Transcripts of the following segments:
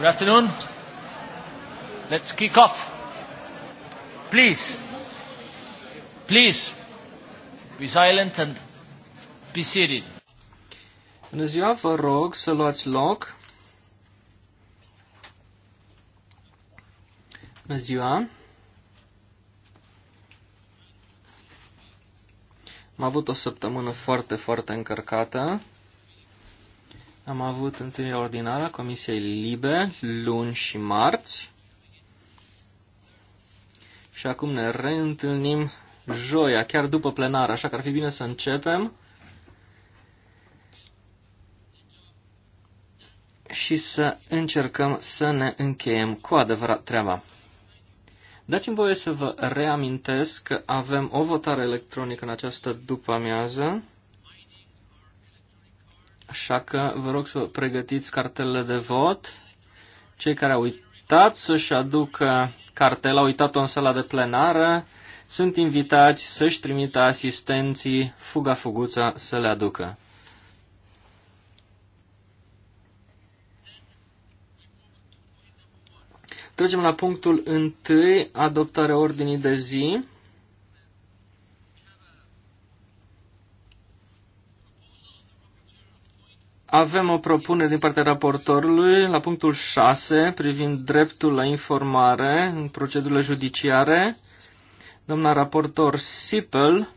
Good afternoon. Let's kick off. Please, please, be silent and be seated. Bună ziua, vă rog să luați loc. Bună ziua. Am avut o săptămână foarte, foarte încărcată. Am avut întâlnirea ordinară a Comisiei Libe luni și marți. Și acum ne reîntâlnim joia, chiar după plenară, așa că ar fi bine să începem. Și să încercăm să ne încheiem cu adevărat treaba. Dați-mi voie să vă reamintesc că avem o votare electronică în această după amiază. Așa că vă rog să vă pregătiți cartelele de vot. Cei care au uitat să-și aducă cartela, au uitat-o în sala de plenară, sunt invitați să-și trimită asistenții fuga fuguța să le aducă. Trecem la punctul 1, adoptarea ordinii de zi. Avem o propunere din partea raportorului la punctul 6 privind dreptul la informare în procedurile judiciare. Doamna raportor Sipel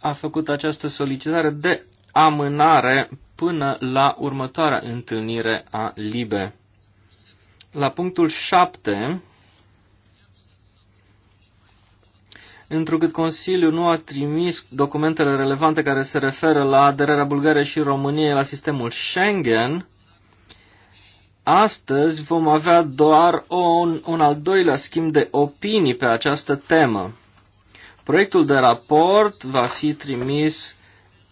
a făcut această solicitare de amânare până la următoarea întâlnire a LIBE. La punctul 7 întrucât Consiliul nu a trimis documentele relevante care se referă la aderarea Bulgariei și României la sistemul Schengen, astăzi vom avea doar un, un al doilea schimb de opinii pe această temă. Proiectul de raport va fi trimis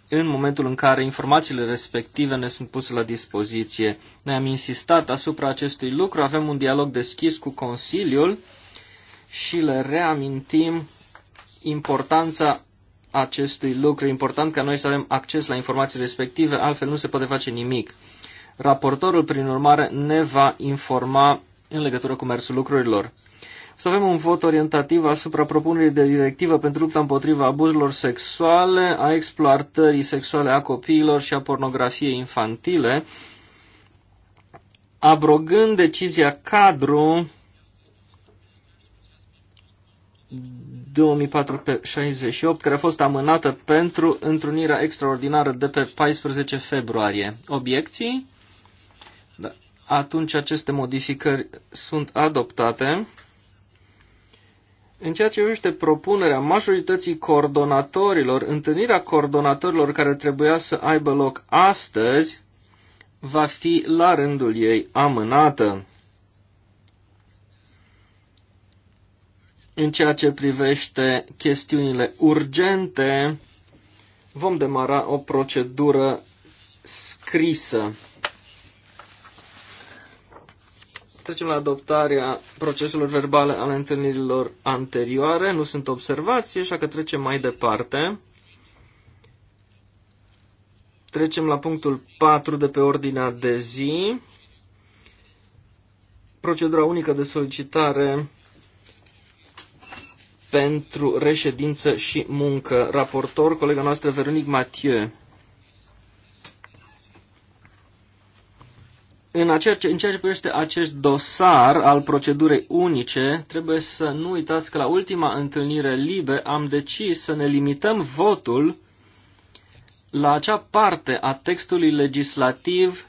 în momentul în care informațiile respective ne sunt puse la dispoziție. Ne-am insistat asupra acestui lucru, avem un dialog deschis cu Consiliul și le reamintim importanța acestui lucru. E important ca noi să avem acces la informații respective, altfel nu se poate face nimic. Raportorul, prin urmare, ne va informa în legătură cu mersul lucrurilor. Să avem un vot orientativ asupra propunerii de directivă pentru lupta împotriva abuzurilor sexuale, a exploatării sexuale a copiilor și a pornografiei infantile, abrogând decizia cadru 2468, care a fost amânată pentru întrunirea extraordinară de pe 14 februarie. Obiecții? Da. Atunci aceste modificări sunt adoptate. În ceea ce privește propunerea majorității coordonatorilor, întâlnirea coordonatorilor care trebuia să aibă loc astăzi va fi la rândul ei amânată. În ceea ce privește chestiunile urgente, vom demara o procedură scrisă. Trecem la adoptarea proceselor verbale ale întâlnirilor anterioare. Nu sunt observații, așa că trecem mai departe. Trecem la punctul 4 de pe ordinea de zi. Procedura unică de solicitare pentru reședință și muncă. Raportor, colega noastră Veronic Mathieu. În acea, în ceea ce privește acest dosar al procedurii unice, trebuie să nu uitați că la ultima întâlnire libe am decis să ne limităm votul la acea parte a textului legislativ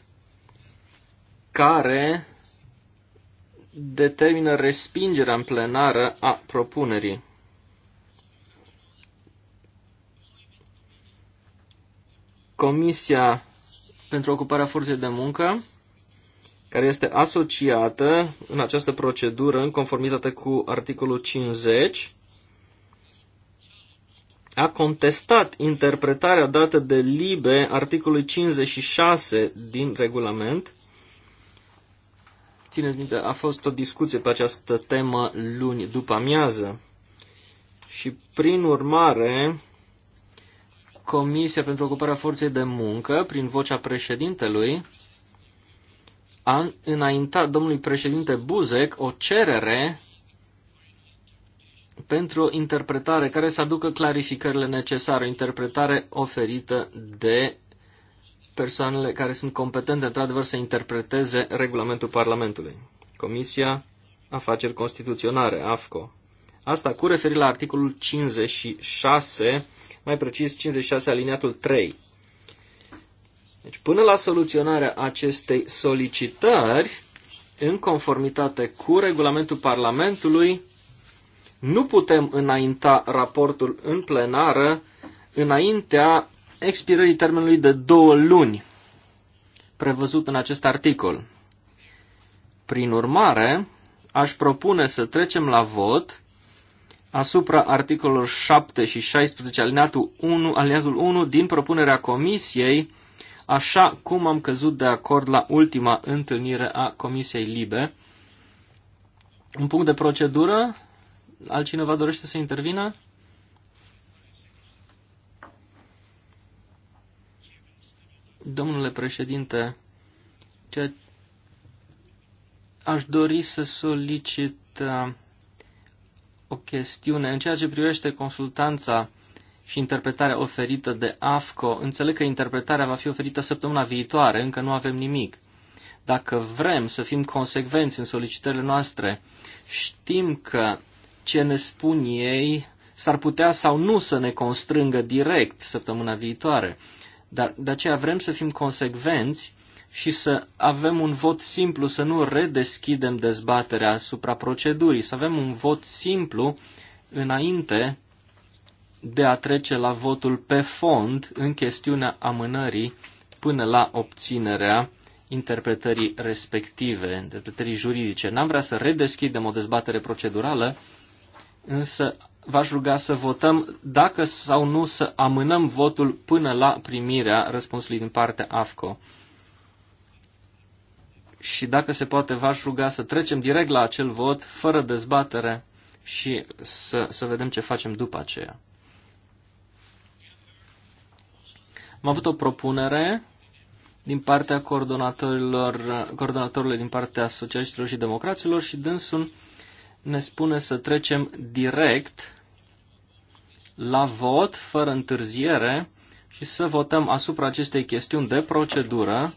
care determină respingerea în plenară a propunerii. Comisia pentru Ocuparea Forței de Muncă, care este asociată în această procedură în conformitate cu articolul 50, a contestat interpretarea dată de LIBE articolului 56 din regulament. Țineți minte, a fost o discuție pe această temă luni după amiază. Și prin urmare, Comisia pentru Ocuparea Forței de Muncă, prin vocea președintelui, a înaintat domnului președinte Buzek o cerere pentru o interpretare care să aducă clarificările necesare, o interpretare oferită de persoanele care sunt competente, într-adevăr, să interpreteze regulamentul Parlamentului. Comisia Afaceri Constituționare, AFCO. Asta cu referire la articolul 56 mai precis 56 aliniatul 3. Deci până la soluționarea acestei solicitări, în conformitate cu regulamentul Parlamentului, nu putem înainta raportul în plenară înaintea expirării termenului de două luni prevăzut în acest articol. Prin urmare, aș propune să trecem la vot asupra articolelor 7 și 16 alineatul 1, alineatul 1 din propunerea comisiei, așa cum am căzut de acord la ultima întâlnire a Comisiei Libe. Un punct de procedură? Altcineva dorește să intervină? Domnule președinte, ce aș dori să solicit uh, o chestiune. În ceea ce privește consultanța și interpretarea oferită de AFCO, înțeleg că interpretarea va fi oferită săptămâna viitoare, încă nu avem nimic. Dacă vrem să fim consecvenți în solicitările noastre, știm că ce ne spun ei s-ar putea sau nu să ne constrângă direct săptămâna viitoare. Dar de aceea vrem să fim consecvenți și să avem un vot simplu, să nu redeschidem dezbaterea asupra procedurii, să avem un vot simplu înainte de a trece la votul pe fond în chestiunea amânării până la obținerea interpretării respective, interpretării juridice. N-am vrea să redeschidem o dezbatere procedurală, însă v-aș ruga să votăm dacă sau nu să amânăm votul până la primirea răspunsului din partea AFCO și dacă se poate, v-aș ruga să trecem direct la acel vot, fără dezbatere și să, să vedem ce facem după aceea. Am avut o propunere din partea coordonatorilor, coordonatorului din partea socialiștilor și democraților și dânsul ne spune să trecem direct la vot, fără întârziere, și să votăm asupra acestei chestiuni de procedură,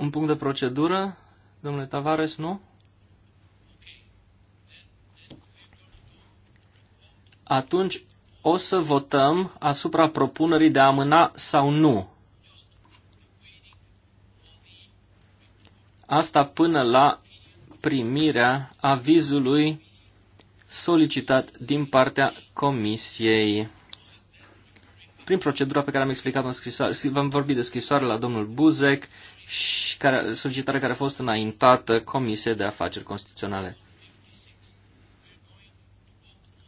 Un punct de procedură, domnule Tavares, nu? Atunci o să votăm asupra propunerii de a amâna sau nu. Asta până la primirea avizului solicitat din partea Comisiei. Prin procedura pe care am explicat-o în scrisoare, vom vorbi de scrisoare la domnul Buzek și care, solicitare care a fost înaintată Comisiei de Afaceri Constituționale.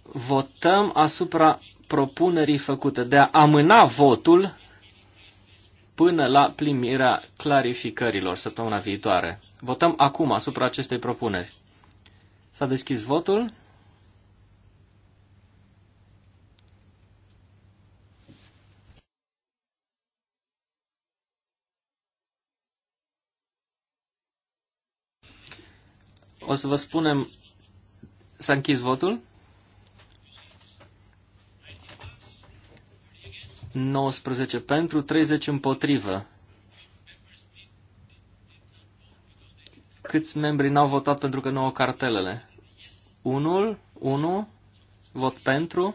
Votăm asupra propunerii făcute de a amâna votul până la primirea clarificărilor săptămâna viitoare. Votăm acum asupra acestei propuneri. S-a deschis votul. O să vă spunem... S-a închis votul? 19 pentru, 30 împotrivă. Câți membri n-au votat pentru că nu au cartelele? Unul, unu vot pentru,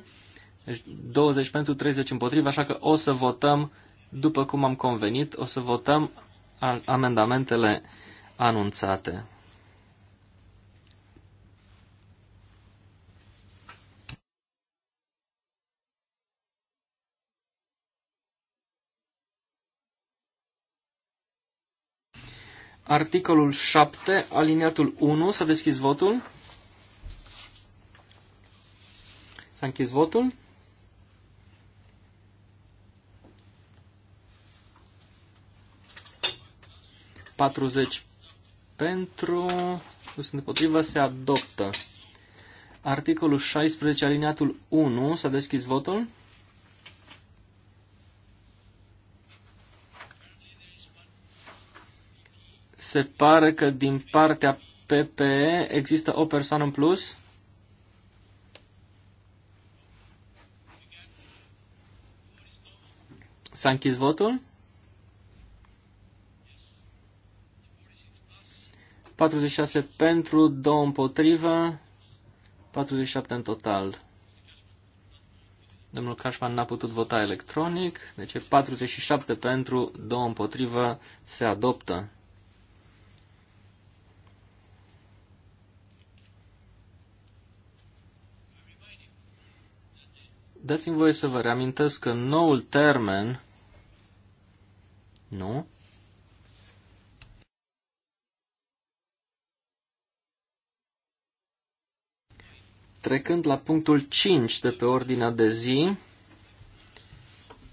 20 deci pentru, 30 împotrivă, așa că o să votăm, după cum am convenit, o să votăm amendamentele anunțate. Articolul 7, aliniatul 1, s-a deschis votul. S-a închis votul. Patruzeci pentru, nu sunt împotriva, se adoptă. Articolul 16, aliniatul 1, s-a deschis votul. Se pare că din partea PPE există o persoană în plus. S-a închis votul. 46 pentru, 2 împotrivă, 47 în total. Domnul Cașman n-a putut vota electronic, deci 47 pentru, 2 împotrivă, se adoptă. dați-mi voie să vă reamintesc că noul termen, nu? Trecând la punctul 5 de pe ordinea de zi,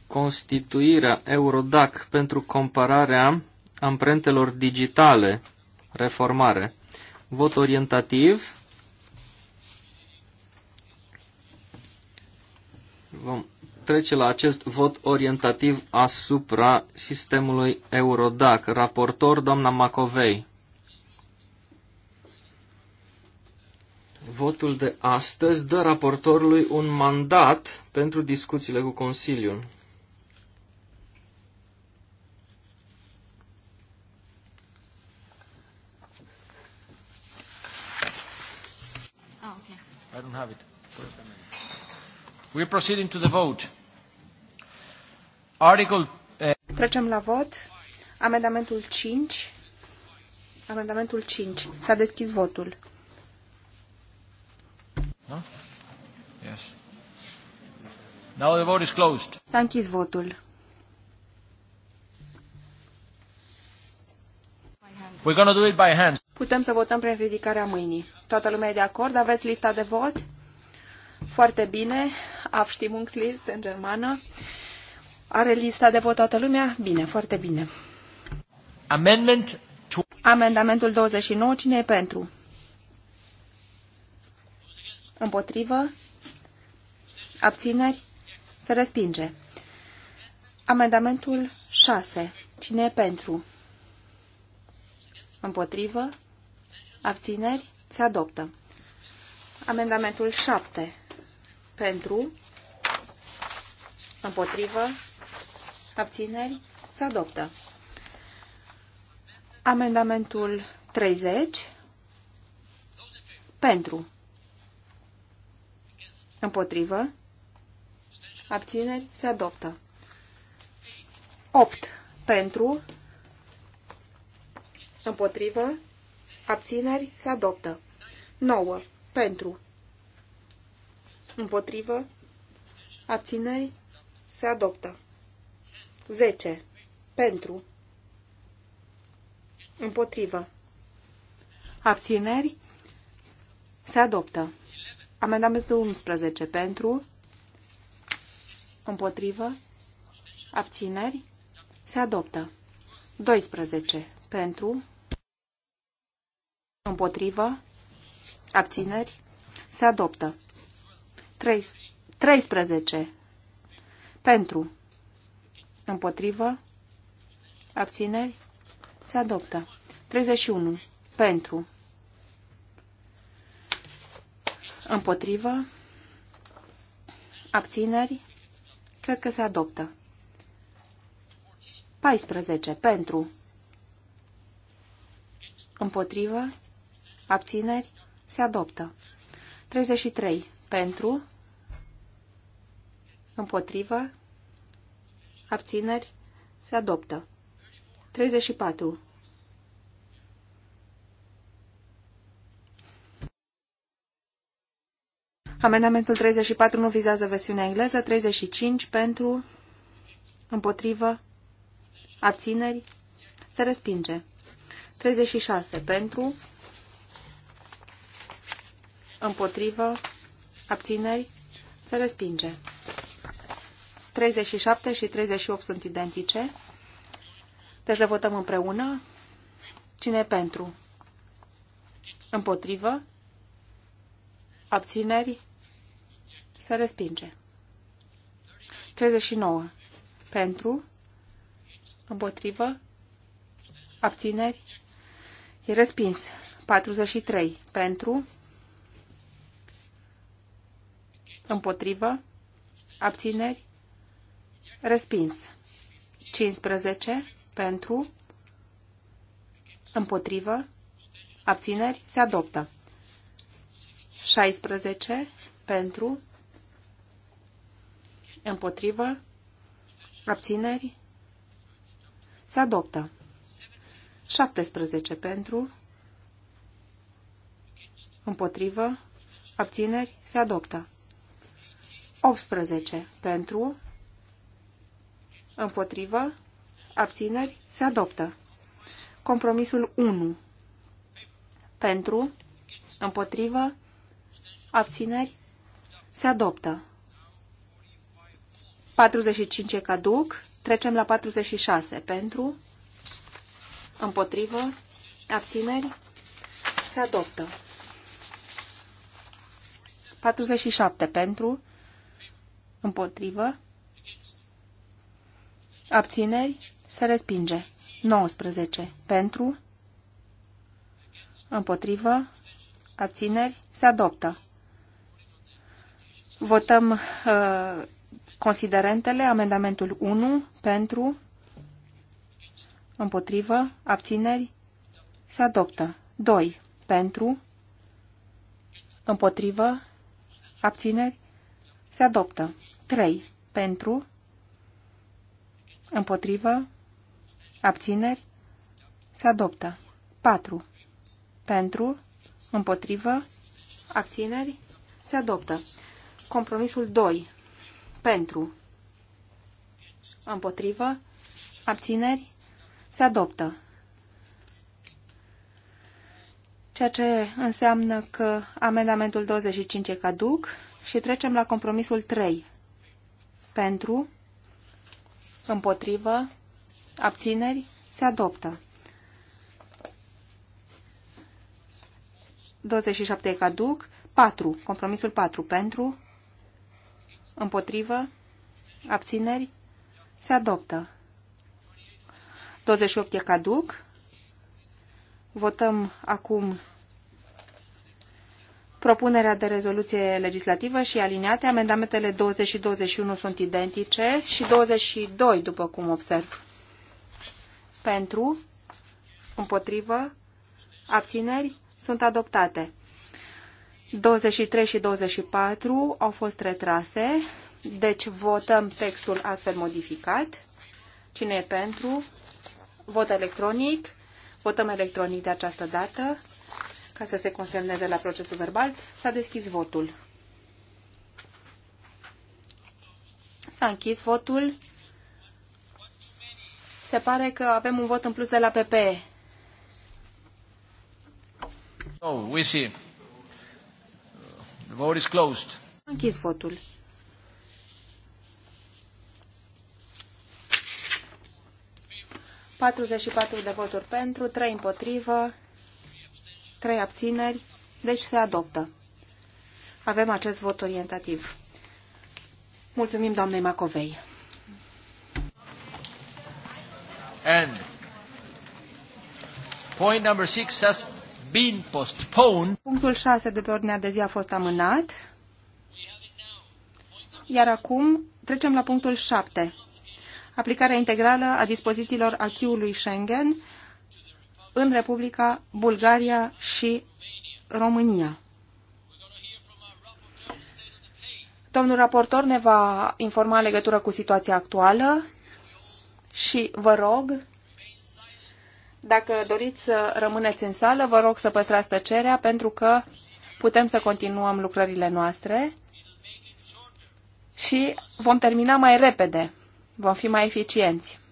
constituirea Eurodac pentru compararea amprentelor digitale, reformare. Vot orientativ, vom trece la acest vot orientativ asupra sistemului Eurodac. Raportor, doamna Macovei. Votul de astăzi dă raportorului un mandat pentru discuțiile cu Consiliul. Ah, I don't have it. We're proceeding to the vote. Article... uh... Trecem la vot. Amendamentul 5. Amendamentul 5. S-a deschis votul. No? Yes. Now the vote is closed. S-a închis votul. We're gonna do it by hand. Putem să votăm prin ridicarea mâinii. Toată lumea e de acord? Aveți lista de vot? Foarte bine. Abstimmungsliste în germană. Are lista de vot toată lumea? Bine, foarte bine. Amendment Amendamentul 29, cine e pentru? Împotrivă? Abțineri? Se respinge. Amendamentul 6. Cine e pentru? Împotrivă? Abțineri? Se adoptă. Amendamentul 7 pentru, împotrivă, abțineri, se adoptă. Amendamentul 30 pentru, împotrivă, abțineri, se adoptă. 8 pentru, împotrivă, abțineri, se adoptă. 9 pentru, Împotrivă. Abțineri. Se adoptă. 10. Pentru. Împotrivă. Abțineri. Se adoptă. Amendamentul 11. Pentru. Împotrivă. Abțineri. Se adoptă. 12. Pentru. Împotrivă. Abțineri. Se adoptă. 13. Pentru. Împotrivă. Abțineri. Se adoptă. 31. Pentru. Împotrivă. Abțineri. Cred că se adoptă. 14. Pentru. Împotrivă. Abțineri. Se adoptă. 33 pentru, împotrivă, abțineri, se adoptă. 34. Amendamentul 34 nu vizează versiunea engleză, 35 pentru, împotrivă, abțineri, se respinge. 36 pentru, împotrivă, abțineri, se respinge. 37 și 38 sunt identice. Deci le votăm împreună. Cine e pentru? Împotrivă? Abțineri? Se respinge. 39. Pentru? Împotrivă? Abțineri? E respins. 43. Pentru? Împotrivă. Abțineri. Respins. 15. Pentru. Împotrivă. Abțineri. Se adoptă. 16. Pentru. Împotrivă. Abțineri. Se adoptă. 17 pentru. Împotrivă. Abțineri. Se adoptă. 18 pentru, împotrivă, abțineri, se adoptă. Compromisul 1 pentru, împotrivă, abțineri, se adoptă. 45 e caduc, trecem la 46 pentru, împotrivă, abțineri, se adoptă. 47 pentru, Împotrivă. Abțineri. Se respinge. 19. Pentru. Împotrivă. Abțineri. Se adoptă. Votăm uh, considerentele. Amendamentul 1. Pentru. Împotrivă. Abțineri. Se adoptă. 2. Pentru. Împotrivă. Abțineri. Se adoptă. 3. Pentru, împotrivă, abțineri, se adoptă. 4. Pentru, împotrivă, abțineri, se adoptă. Compromisul 2. Pentru, împotrivă, abțineri, se adoptă. Ceea ce înseamnă că amendamentul 25 e caduc și trecem la compromisul 3 pentru, împotrivă, abțineri, se adoptă. 27 e caduc, 4, compromisul 4, pentru, împotrivă, abțineri, se adoptă. 28 e caduc, votăm acum propunerea de rezoluție legislativă și aliniate. Amendamentele 20 și 21 sunt identice și 22, după cum observ. Pentru, împotrivă, abțineri sunt adoptate. 23 și 24 au fost retrase, deci votăm textul astfel modificat. Cine e pentru? Vot electronic. Votăm electronic de această dată ca să se consemneze la procesul verbal. S-a deschis votul. S-a închis votul. Se pare că avem un vot în plus de la PPE. Oh, we see. The vote is closed. A închis votul. Patruzeci și patru de voturi pentru, trei împotrivă trei abțineri, deci se adoptă. Avem acest vot orientativ. Mulțumim doamnei Macovei. And point number six has been postponed. Punctul 6 de pe ordinea de zi a fost amânat. Iar acum trecem la punctul 7. Aplicarea integrală a dispozițiilor acquis Schengen în Republica Bulgaria și România. Domnul raportor ne va informa în legătură cu situația actuală și vă rog, dacă doriți să rămâneți în sală, vă rog să păstrați tăcerea pentru că putem să continuăm lucrările noastre și vom termina mai repede, vom fi mai eficienți.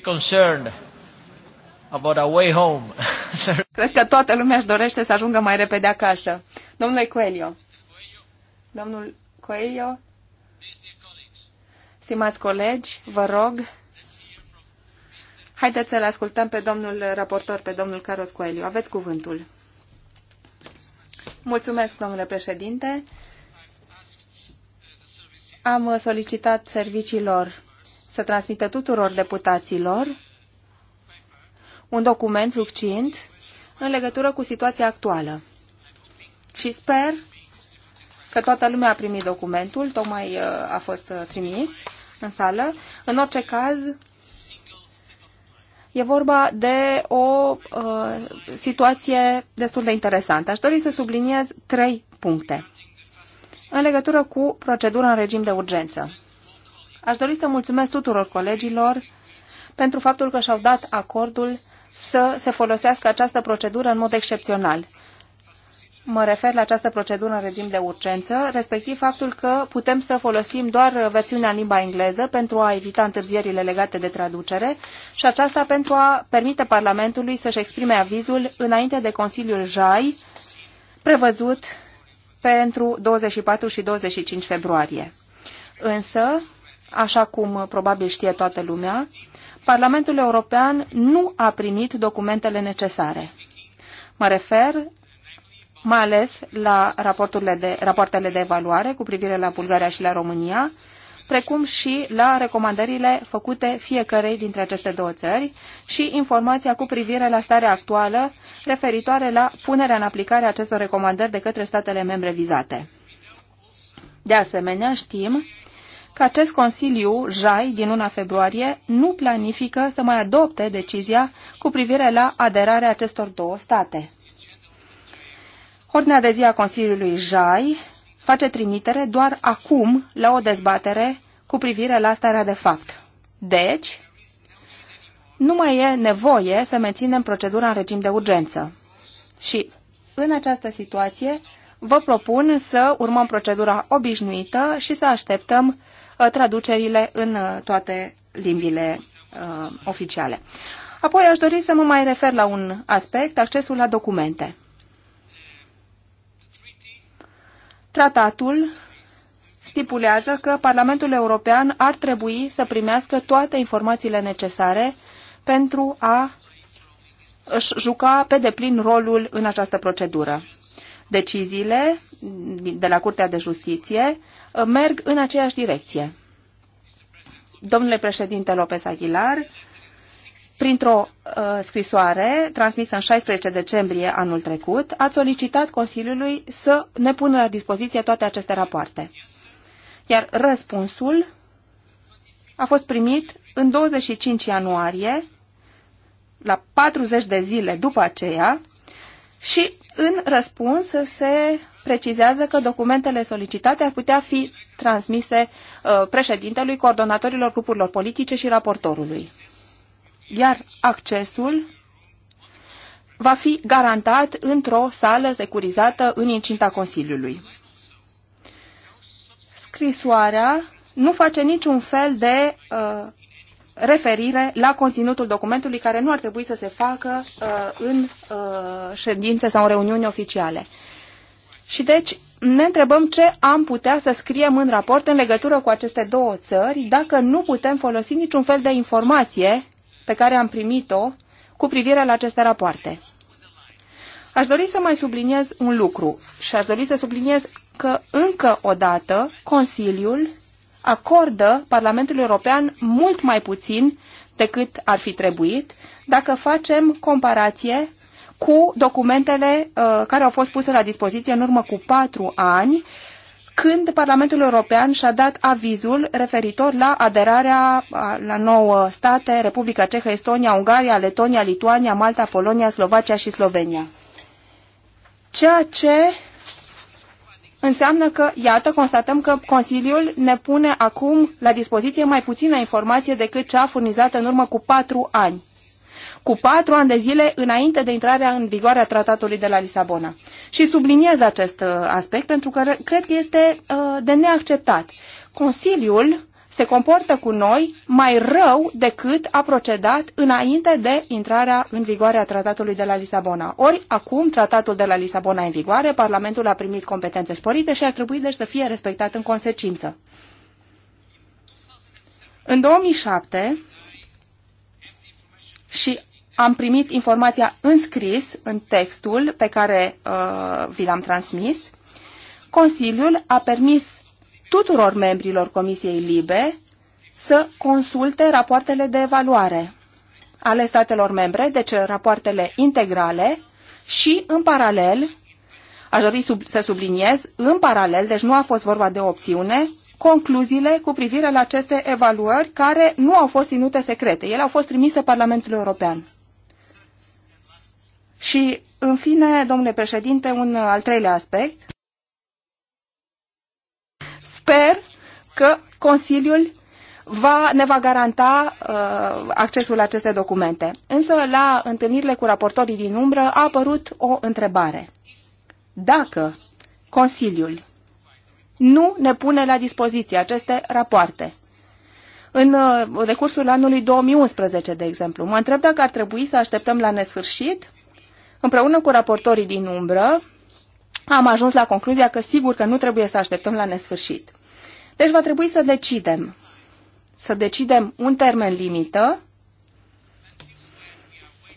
concerned about a way home. Cred că toată lumea își dorește să ajungă mai repede acasă. Domnule Coelho. Domnul Coelho. Stimați colegi, vă rog, haideți să-l ascultăm pe domnul raportor, pe domnul Carlos Coelho. Aveți cuvântul. Mulțumesc, domnule președinte. Am solicitat serviciilor să transmită tuturor deputaților un document succint în legătură cu situația actuală. Și sper că toată lumea a primit documentul, tocmai uh, a fost uh, trimis în sală. În orice caz, e vorba de o uh, situație destul de interesantă. Aș dori să subliniez trei puncte în legătură cu procedura în regim de urgență. Aș dori să mulțumesc tuturor colegilor pentru faptul că și-au dat acordul să se folosească această procedură în mod excepțional. Mă refer la această procedură în regim de urgență, respectiv faptul că putem să folosim doar versiunea în limba engleză pentru a evita întârzierile legate de traducere și aceasta pentru a permite Parlamentului să-și exprime avizul înainte de Consiliul JAI, prevăzut pentru 24 și 25 februarie. Însă, Așa cum uh, probabil știe toată lumea, Parlamentul European nu a primit documentele necesare. Mă refer mai ales la raporturile de, rapoartele de evaluare cu privire la Bulgaria și la România, precum și la recomandările făcute fiecărei dintre aceste două țări și informația cu privire la starea actuală referitoare la punerea în aplicare a acestor recomandări de către statele membre vizate. De asemenea, știm că acest Consiliu, JAI, din luna februarie, nu planifică să mai adopte decizia cu privire la aderarea acestor două state. Ordinea de zi a Consiliului JAI face trimitere doar acum la o dezbatere cu privire la starea de fapt. Deci, nu mai e nevoie să menținem procedura în regim de urgență. Și, în această situație, vă propun să urmăm procedura obișnuită și să așteptăm Uh, traducerile în uh, toate limbile uh, oficiale. Apoi aș dori să mă mai refer la un aspect, accesul la documente. Tratatul stipulează că Parlamentul European ar trebui să primească toate informațiile necesare pentru a își juca pe deplin rolul în această procedură. Deciziile de la Curtea de Justiție Uh, merg în aceeași direcție. Domnule președinte López Aguilar, printr-o uh, scrisoare transmisă în 16 decembrie anul trecut, ați solicitat Consiliului să ne pună la dispoziție toate aceste rapoarte. Iar răspunsul a fost primit în 25 ianuarie, la 40 de zile după aceea, și în răspuns se precizează că documentele solicitate ar putea fi transmise uh, președintelui, coordonatorilor grupurilor politice și raportorului. Iar accesul va fi garantat într-o sală securizată în incinta Consiliului. Scrisoarea nu face niciun fel de uh, referire la conținutul documentului care nu ar trebui să se facă uh, în uh, ședințe sau în reuniuni oficiale. Și deci ne întrebăm ce am putea să scriem în raport în legătură cu aceste două țări dacă nu putem folosi niciun fel de informație pe care am primit-o cu privire la aceste rapoarte. Aș dori să mai subliniez un lucru și aș dori să subliniez că încă o dată Consiliul acordă Parlamentului European mult mai puțin decât ar fi trebuit dacă facem comparație cu documentele uh, care au fost puse la dispoziție în urmă cu patru ani, când Parlamentul European și-a dat avizul referitor la aderarea uh, la nouă state, Republica Cehă, Estonia, Ungaria, Letonia, Lituania, Malta, Polonia, Slovacia și Slovenia. Ceea ce înseamnă că, iată, constatăm că Consiliul ne pune acum la dispoziție mai puțină informație decât cea furnizată în urmă cu patru ani cu patru ani de zile înainte de intrarea în vigoare a tratatului de la Lisabona. Și subliniez acest uh, aspect pentru că cred că este uh, de neacceptat. Consiliul se comportă cu noi mai rău decât a procedat înainte de intrarea în vigoare a tratatului de la Lisabona. Ori acum tratatul de la Lisabona e în vigoare, Parlamentul a primit competențe sporite și ar trebui deci să fie respectat în consecință. În 2007 și am primit informația scris, în textul pe care uh, vi l-am transmis. Consiliul a permis tuturor membrilor Comisiei Libe să consulte rapoartele de evaluare ale statelor membre, deci rapoartele integrale și, în paralel, aș dori sub, să subliniez, în paralel, deci nu a fost vorba de opțiune, concluziile cu privire la aceste evaluări care nu au fost ținute secrete. Ele au fost trimise Parlamentului European. Și, în fine, domnule președinte, un al treilea aspect. Sper că Consiliul va, ne va garanta uh, accesul la aceste documente. Însă, la întâlnirile cu raportorii din umbră a apărut o întrebare. Dacă Consiliul nu ne pune la dispoziție aceste rapoarte, în uh, decursul anului 2011, de exemplu. Mă întreb dacă ar trebui să așteptăm la nesfârșit împreună cu raportorii din umbră, am ajuns la concluzia că sigur că nu trebuie să așteptăm la nesfârșit. Deci va trebui să decidem. Să decidem un termen limită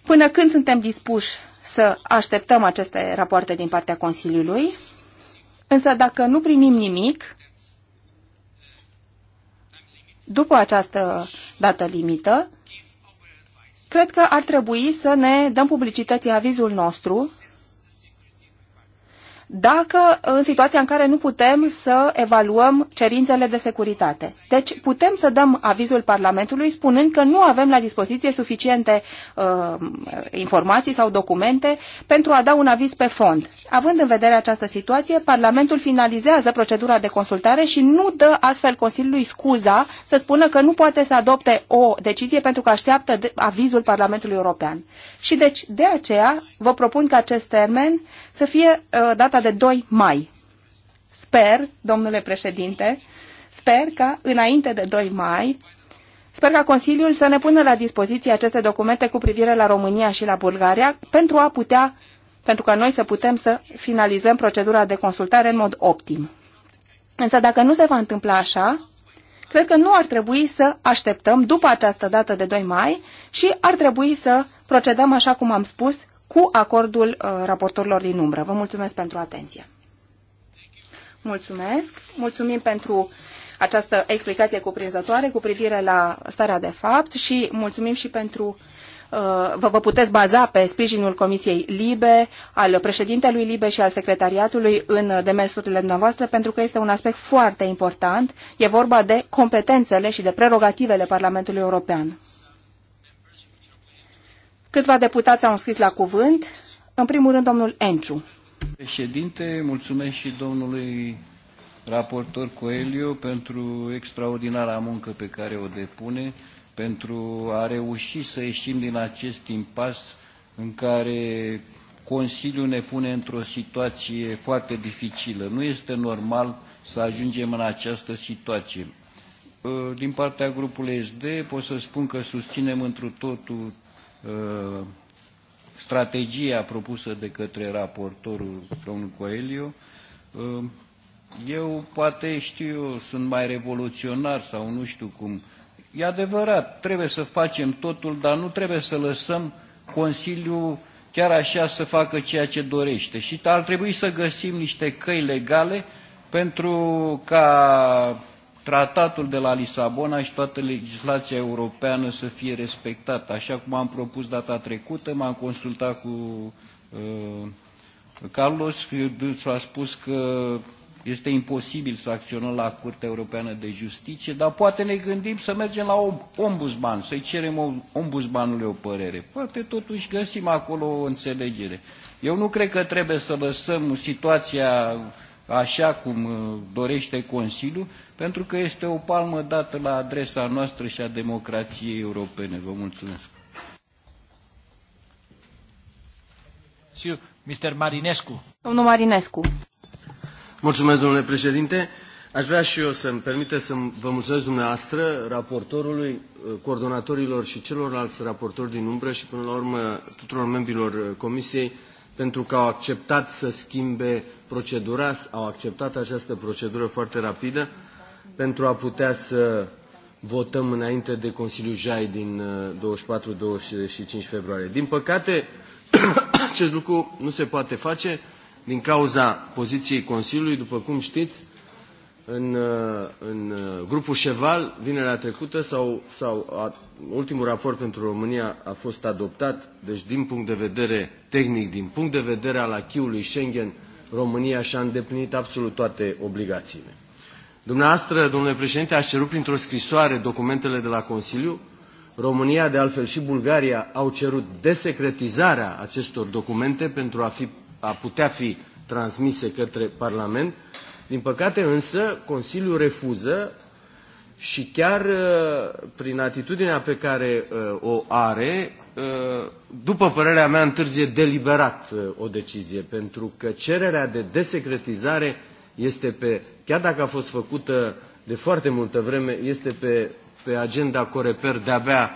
până când suntem dispuși să așteptăm aceste rapoarte din partea Consiliului, însă dacă nu primim nimic după această dată limită, cred că ar trebui să ne dăm publicității avizul nostru dacă în situația în care nu putem să evaluăm cerințele de securitate. Deci putem să dăm avizul Parlamentului spunând că nu avem la dispoziție suficiente uh, informații sau documente pentru a da un aviz pe fond. Având în vedere această situație, Parlamentul finalizează procedura de consultare și nu dă astfel Consiliului scuza să spună că nu poate să adopte o decizie pentru că așteaptă avizul Parlamentului European. Și deci de aceea vă propun ca acest termen să fie uh, data de 2 mai. Sper, domnule președinte, sper că înainte de 2 mai, sper ca Consiliul să ne pună la dispoziție aceste documente cu privire la România și la Bulgaria pentru a putea, pentru ca noi să putem să finalizăm procedura de consultare în mod optim. Însă dacă nu se va întâmpla așa, cred că nu ar trebui să așteptăm după această dată de 2 mai și ar trebui să procedăm așa cum am spus cu acordul uh, raportorilor din umbră. Vă mulțumesc pentru atenție. Mulțumesc. Mulțumim pentru această explicație cuprinzătoare cu privire la starea de fapt și mulțumim și pentru uh, vă, vă puteți baza pe sprijinul Comisiei Libe, al președintelui Libe și al secretariatului în demersurile noastre, pentru că este un aspect foarte important. E vorba de competențele și de prerogativele Parlamentului European. Câțiva deputați au înscris la cuvânt. În primul rând, domnul Enciu. Președinte, mulțumesc și domnului raportor Coelio pentru extraordinara muncă pe care o depune, pentru a reuși să ieșim din acest impas în care Consiliul ne pune într-o situație foarte dificilă. Nu este normal să ajungem în această situație. Din partea grupului SD pot să spun că susținem întru totul Uh, strategia propusă de către raportorul domnul Coelio. Uh, eu poate știu, sunt mai revoluționar sau nu știu cum. E adevărat, trebuie să facem totul, dar nu trebuie să lăsăm Consiliul chiar așa să facă ceea ce dorește. Și ar trebui să găsim niște căi legale pentru ca tratatul de la Lisabona și toată legislația europeană să fie respectată. Așa cum am propus data trecută, m-am consultat cu uh, Carlos, dânsul a spus că este imposibil să acționăm la Curtea Europeană de Justiție, dar poate ne gândim să mergem la ombudsman, să-i cerem ombudsmanului o părere. Poate totuși găsim acolo o înțelegere. Eu nu cred că trebuie să lăsăm situația așa cum uh, dorește Consiliul, pentru că este o palmă dată la adresa noastră și a democrației europene. Vă mulțumesc. Mr. Marinescu. Domnul Marinescu. Mulțumesc, domnule președinte. Aș vrea și eu să-mi permite să vă mulțumesc dumneavoastră, raportorului, uh, coordonatorilor și celorlalți raportori din umbră și până la urmă tuturor membrilor uh, comisiei pentru că au acceptat să schimbe procedura, au acceptat această procedură foarte rapidă pentru a putea să votăm înainte de Consiliul JAI din 24-25 uh, februarie. Din păcate, acest lucru nu se poate face din cauza poziției Consiliului, după cum știți, în, uh, în uh, grupul Cheval vinerea trecută sau, sau a, ultimul raport pentru România a fost adoptat, deci din punct de vedere tehnic, din punct de vedere al achiului Schengen, România și-a îndeplinit absolut toate obligațiile. Dumneavoastră, domnule președinte, ați cerut printr-o scrisoare documentele de la Consiliu. România, de altfel și Bulgaria, au cerut desecretizarea acestor documente pentru a, fi, a putea fi transmise către Parlament. Din păcate însă, Consiliul refuză și chiar uh, prin atitudinea pe care uh, o are, uh, după părerea mea, întârzie deliberat o decizie, pentru că cererea de desecretizare este pe, chiar dacă a fost făcută de foarte multă vreme, este pe, pe agenda Coreper de-abia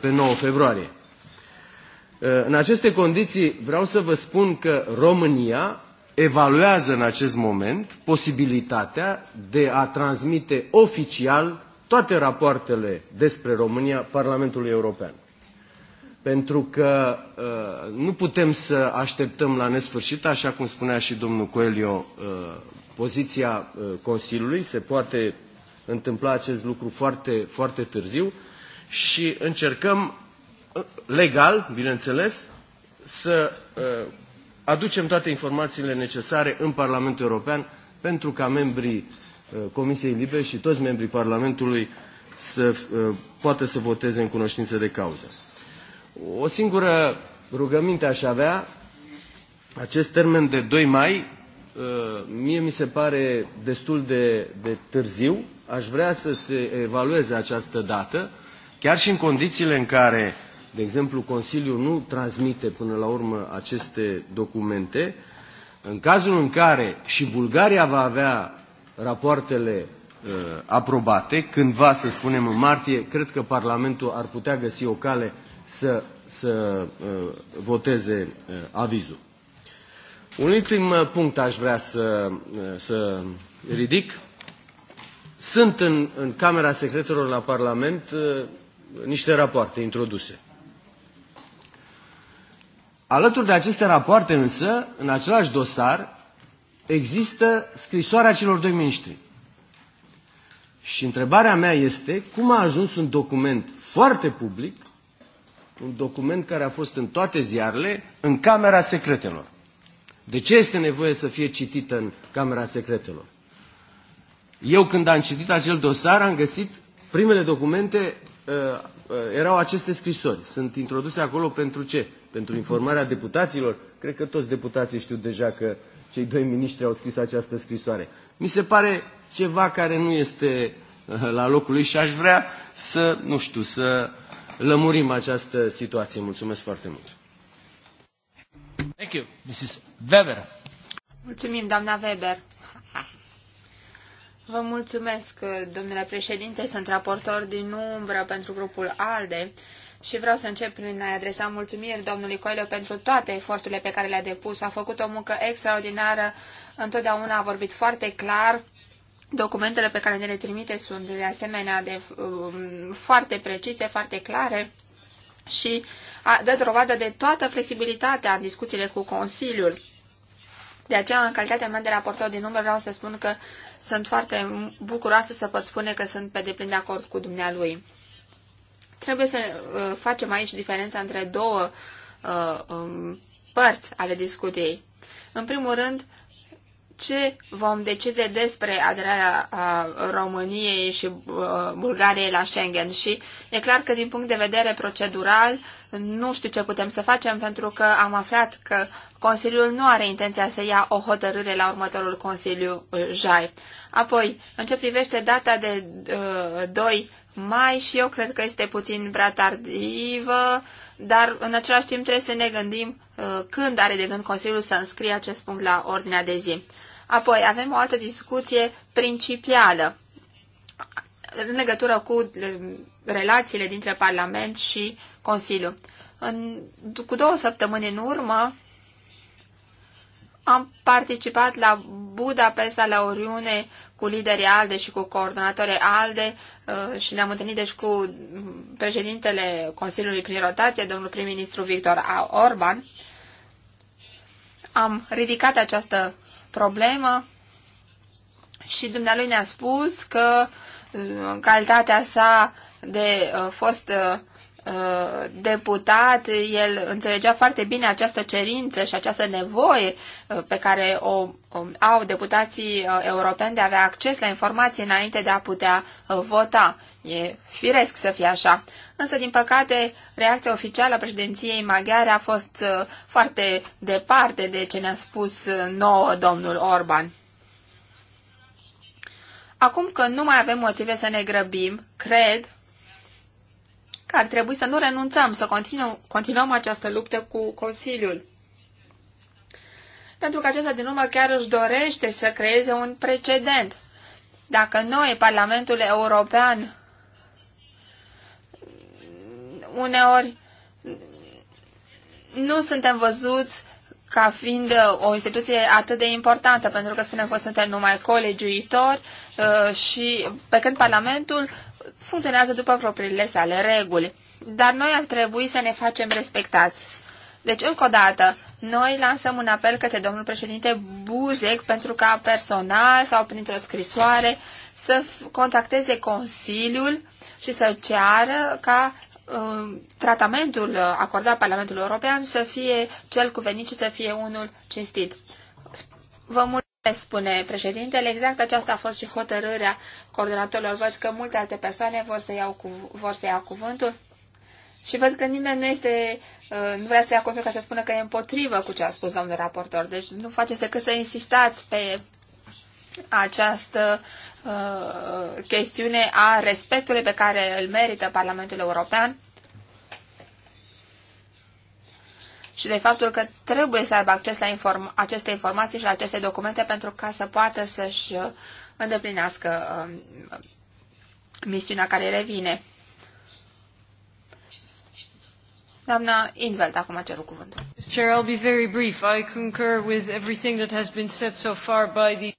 pe 9 februarie. În aceste condiții vreau să vă spun că România evaluează în acest moment posibilitatea de a transmite oficial toate rapoartele despre România Parlamentului European. Pentru că uh, nu putem să așteptăm la nesfârșit, așa cum spunea și domnul Coelio, uh, poziția uh, Consiliului. Se poate întâmpla acest lucru foarte, foarte târziu și încercăm uh, legal, bineînțeles, să uh, aducem toate informațiile necesare în Parlamentul European pentru ca membrii uh, Comisiei Libe și toți membrii Parlamentului să uh, poată să voteze în cunoștință de cauză. O singură rugăminte aș avea, acest termen de 2 mai, uh, mie mi se pare destul de, de târziu, aș vrea să se evalueze această dată, chiar și în condițiile în care de exemplu, Consiliul nu transmite până la urmă aceste documente. În cazul în care și Bulgaria va avea rapoartele uh, aprobate, cândva, să spunem, în martie, cred că Parlamentul ar putea găsi o cale să, să uh, voteze uh, avizul. Un ultim uh, punct aș vrea să, uh, să ridic. Sunt în, în Camera Secretelor la Parlament uh, niște rapoarte introduse. Alături de aceste rapoarte însă, în același dosar, există scrisoarea celor doi miniștri. Și întrebarea mea este cum a ajuns un document foarte public, un document care a fost în toate ziarele, în Camera Secretelor. De ce este nevoie să fie citită în Camera Secretelor? Eu când am citit acel dosar am găsit primele documente uh, Eh, erau aceste scrisori. Sunt introduse acolo pentru ce? Pentru informarea deputaților? Cred că toți deputații știu deja că cei doi miniștri au scris această scrisoare. Mi se pare ceva care nu este eh, la locul lui și aș vrea să, nu știu, să lămurim această situație. Mulțumesc foarte mult. Thank you, Mrs. Weber. Mulțumim, doamna Weber. Vă mulțumesc, domnule președinte. Sunt raportor din umbră pentru grupul ALDE și vreau să încep prin a adresa mulțumiri domnului Coelho pentru toate eforturile pe care le-a depus. A făcut o muncă extraordinară, întotdeauna a vorbit foarte clar. Documentele pe care ne le trimite sunt de asemenea de, um, foarte precise, foarte clare și a dat dovadă de toată flexibilitatea în discuțiile cu Consiliul. De aceea, în calitatea mea de raportor din număr, vreau să spun că sunt foarte bucuroasă să pot spune că sunt pe deplin de acord cu dumnealui. Trebuie să uh, facem aici diferența între două uh, um, părți ale discuției. În primul rând, ce vom decide despre aderarea a României și Bulgariei la Schengen și e clar că din punct de vedere procedural nu știu ce putem să facem pentru că am aflat că Consiliul nu are intenția să ia o hotărâre la următorul Consiliu JAI. Apoi, în ce privește data de uh, 2 mai și eu cred că este puțin prea tardivă, dar în același timp trebuie să ne gândim când are de gând Consiliul să înscrie acest punct la ordinea de zi. Apoi avem o altă discuție principială în legătură cu relațiile dintre Parlament și Consiliu. În, cu două săptămâni în urmă am participat la Budapesta la o cu liderii ALDE și cu coordonatorii ALDE uh, și ne-am întâlnit deci cu președintele Consiliului prin rotație, domnul prim-ministru Victor Orban. Am ridicat această problemă și dumnealui ne-a spus că uh, în calitatea sa de uh, fost uh, deputat, el înțelegea foarte bine această cerință și această nevoie pe care o au deputații europeni de a avea acces la informații înainte de a putea vota. E firesc să fie așa. Însă, din păcate, reacția oficială a președinției maghiare a fost uh, foarte departe de ce ne-a spus uh, nouă domnul Orban. Acum că nu mai avem motive să ne grăbim, cred că ar trebui să nu renunțăm, să continuăm, continuăm această luptă cu Consiliul. Pentru că acesta din urmă chiar își dorește să creeze un precedent. Dacă noi, Parlamentul European, uneori nu suntem văzuți ca fiind uh, o instituție atât de importantă, pentru că spunem că suntem numai colegiuitori uh, și pe când Parlamentul funcționează după propriile sale reguli. Dar noi ar trebui să ne facem respectați. Deci, încă o dată, noi lansăm un apel către domnul președinte Buzek pentru ca personal sau printr-o scrisoare să contacteze Consiliul și să ceară ca Um, tratamentul uh, acordat Parlamentului European să fie cel cuvenit și să fie unul cinstit. Vă mulțumesc, spune președintele, exact aceasta a fost și hotărârea coordonatorilor. Văd că multe alte persoane vor să, iau cu, vor să ia cuvântul și văd că nimeni nu este, uh, nu vrea să ia cuvântul ca să spună că e împotrivă cu ce a spus domnul raportor. Deci nu faceți decât să insistați pe această Uh, chestiune a respectului pe care îl merită Parlamentul European și de faptul că trebuie să aibă acces la inform aceste informații și la aceste documente pentru ca să poată să-și uh, îndeplinească um, misiunea care revine. Doamna Invelt, acum cer cuvântul. Chair, I'll be very brief. I concur with everything that has been said so far by the...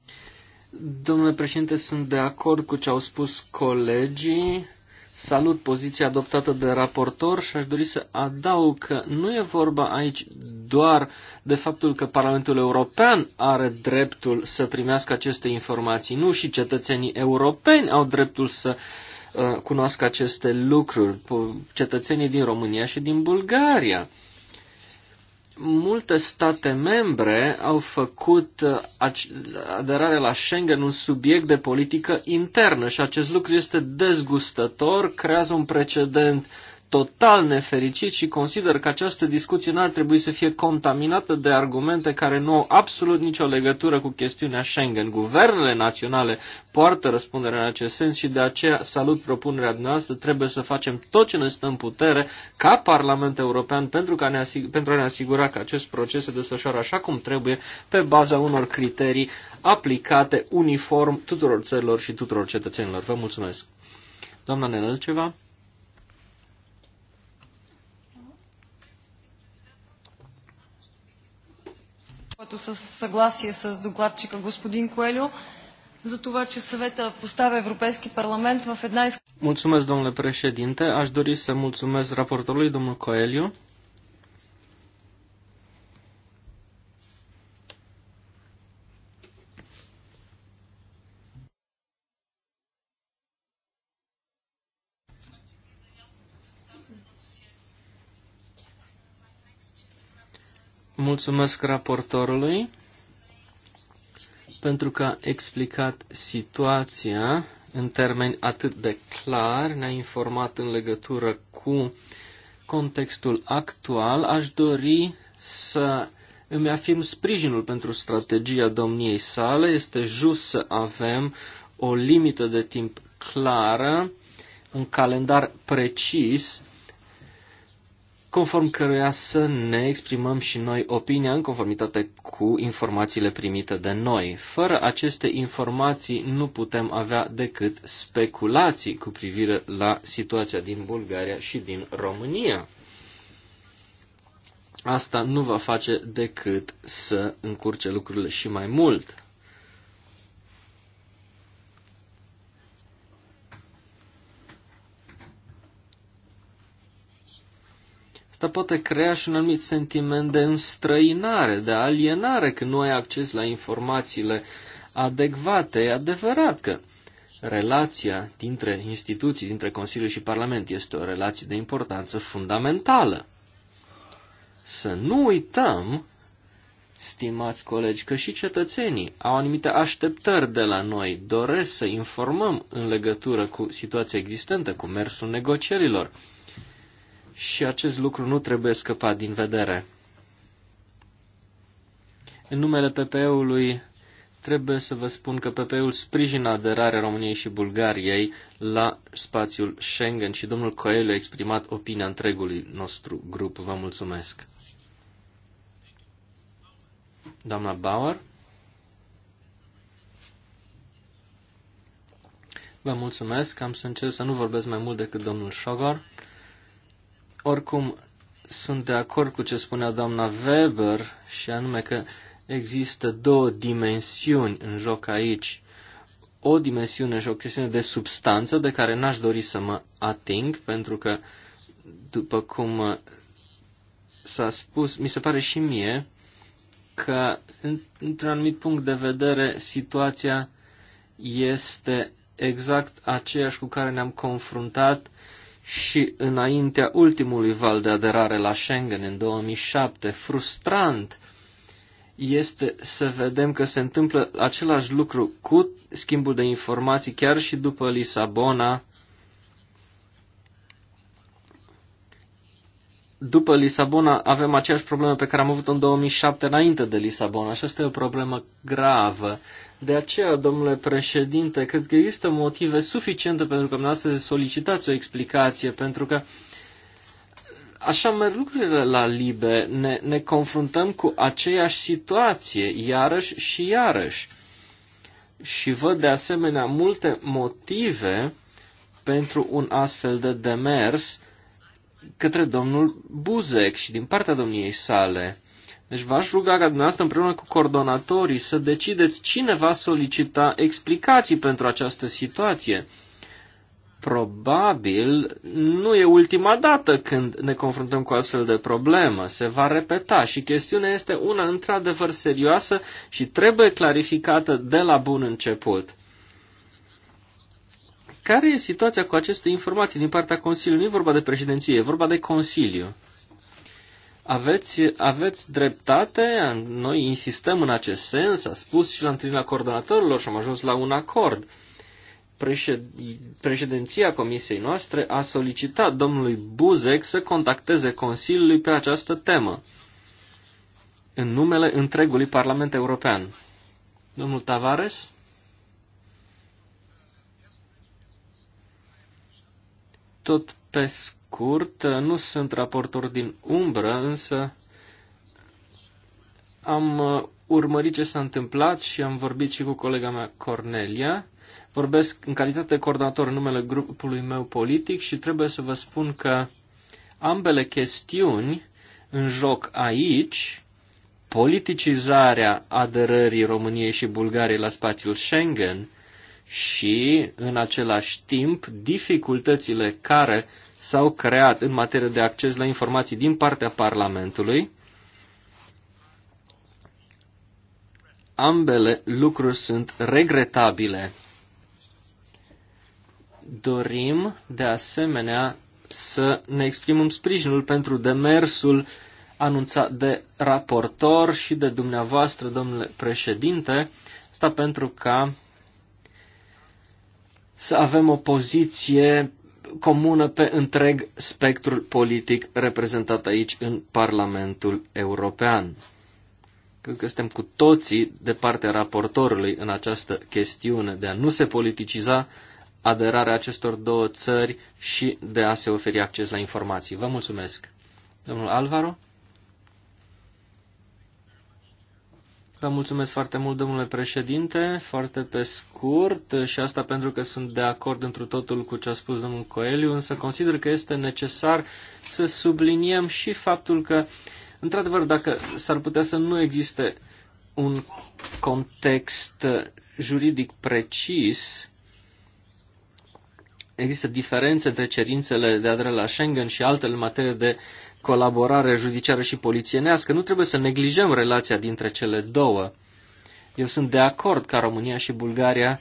Domnule președinte, sunt de acord cu ce au spus colegii. Salut poziția adoptată de raportor și aș dori să adaug că nu e vorba aici doar de faptul că Parlamentul European are dreptul să primească aceste informații, nu și cetățenii europeni au dreptul să uh, cunoască aceste lucruri, cetățenii din România și din Bulgaria. Uh, multe state membre au făcut uh, aderarea la Schengen un subiect de politică internă și acest lucru este dezgustător, creează un precedent total nefericit și consider că această discuție nu ar trebui să fie contaminată de argumente care nu au absolut nicio legătură cu chestiunea Schengen. Guvernele naționale poartă răspundere în acest sens și de aceea salut propunerea noastră. Trebuie să facem tot ce ne stă în putere ca Parlament European pentru, ca ne asig- pentru a ne asigura că acest proces se desfășoară așa cum trebuie pe baza unor criterii aplicate uniform tuturor țărilor și tuturor cetățenilor. Vă mulțumesc! Doamna Nenel, ceva? като със съгласие с докладчика господин Коелю за това, че съвета поставя Европейски парламент в една... Mulțumesc, domnule președinte. Aș dori să mulțumesc raportorului, domnul Coeliu. Mulțumesc raportorului pentru că a explicat situația în termeni atât de clar, ne-a informat în legătură cu contextul actual. Aș dori să îmi afirm sprijinul pentru strategia domniei sale. Este just să avem o limită de timp clară, un calendar precis conform căruia să ne exprimăm și noi opinia în conformitate cu informațiile primite de noi. Fără aceste informații nu putem avea decât speculații cu privire la situația din Bulgaria și din România. Asta nu va face decât să încurce lucrurile și mai mult. Asta poate crea și un anumit sentiment de înstrăinare, de alienare, că nu ai acces la informațiile adecvate. E adevărat că relația dintre instituții, dintre Consiliu și Parlament este o relație de importanță fundamentală. Să nu uităm, stimați colegi, că și cetățenii au anumite așteptări de la noi, doresc să informăm în legătură cu situația existentă, cu mersul negocierilor și acest lucru nu trebuie scăpat din vedere. În numele PPE-ului trebuie să vă spun că PPE-ul sprijină aderarea României și Bulgariei la spațiul Schengen și domnul Coelho a exprimat opinia întregului nostru grup. Vă mulțumesc. Doamna Bauer. Vă mulțumesc. Am să încerc să nu vorbesc mai mult decât domnul Șogor. Oricum, sunt de acord cu ce spunea doamna Weber și anume că există două dimensiuni în joc aici. O dimensiune și o chestiune de substanță de care n-aș dori să mă ating, pentru că, după cum uh, s-a spus, mi se pare și mie că, într-un anumit punct de vedere, situația este exact aceeași cu care ne-am confruntat și înaintea ultimului val de aderare la Schengen în 2007. Frustrant este să vedem că se întâmplă același lucru cu schimbul de informații chiar și după Lisabona. După Lisabona avem aceeași problemă pe care am avut-o în 2007 înainte de Lisabona și asta e o problemă gravă. De aceea, domnule președinte, cred că există motive suficiente pentru că dumneavoastră solicitați o explicație, pentru că așa merg lucrurile la Libe, ne, ne confruntăm cu aceeași situație, iarăși și iarăși. Și văd de asemenea multe motive pentru un astfel de demers către domnul Buzek și din partea domniei sale. Deci v-aș ruga ca dumneavoastră împreună cu coordonatorii să decideți cine va solicita explicații pentru această situație. Probabil nu e ultima dată când ne confruntăm cu astfel de problemă. Se va repeta și chestiunea este una într-adevăr serioasă și trebuie clarificată de la bun început. Care e situația cu aceste informații din partea Consiliului? Nu e vorba de președinție, e vorba de Consiliu. Aveți, aveți dreptate, noi insistăm în acest sens, a spus și la întâlnirea coordonatorilor și am ajuns la un acord. președinția comisiei noastre a solicitat domnului Buzek să contacteze Consiliului pe această temă, în numele întregului Parlament European. Domnul Tavares? Tot pe scurt. Nu sunt raportor din umbră, însă am uh, urmărit ce s-a întâmplat și am vorbit și cu colega mea Cornelia. Vorbesc în calitate de coordonator în numele grupului meu politic și trebuie să vă spun că ambele chestiuni în joc aici, politicizarea aderării României și Bulgariei la spațiul Schengen și, în același timp, dificultățile care s-au creat în materie de acces la informații din partea Parlamentului. Ambele lucruri sunt regretabile. Dorim, de asemenea, să ne exprimăm sprijinul pentru demersul anunțat de raportor și de dumneavoastră, domnule președinte, asta pentru ca să avem o poziție comună pe întreg spectrul politic reprezentat aici în Parlamentul European. Cred că suntem cu toții de partea raportorului în această chestiune de a nu se politiciza aderarea acestor două țări și de a se oferi acces la informații. Vă mulțumesc. Domnul Alvaro? Vă mulțumesc foarte mult, domnule președinte, foarte pe scurt și asta pentru că sunt de acord întru totul cu ce a spus domnul Coeliu, însă consider că este necesar să subliniem și faptul că, într-adevăr, dacă s-ar putea să nu existe un context juridic precis, există diferențe între cerințele de aderare la Schengen și altele în materie de uh, colaborare judiciară și polițienească, nu trebuie să neglijăm relația dintre cele două. Eu sunt de acord ca România și Bulgaria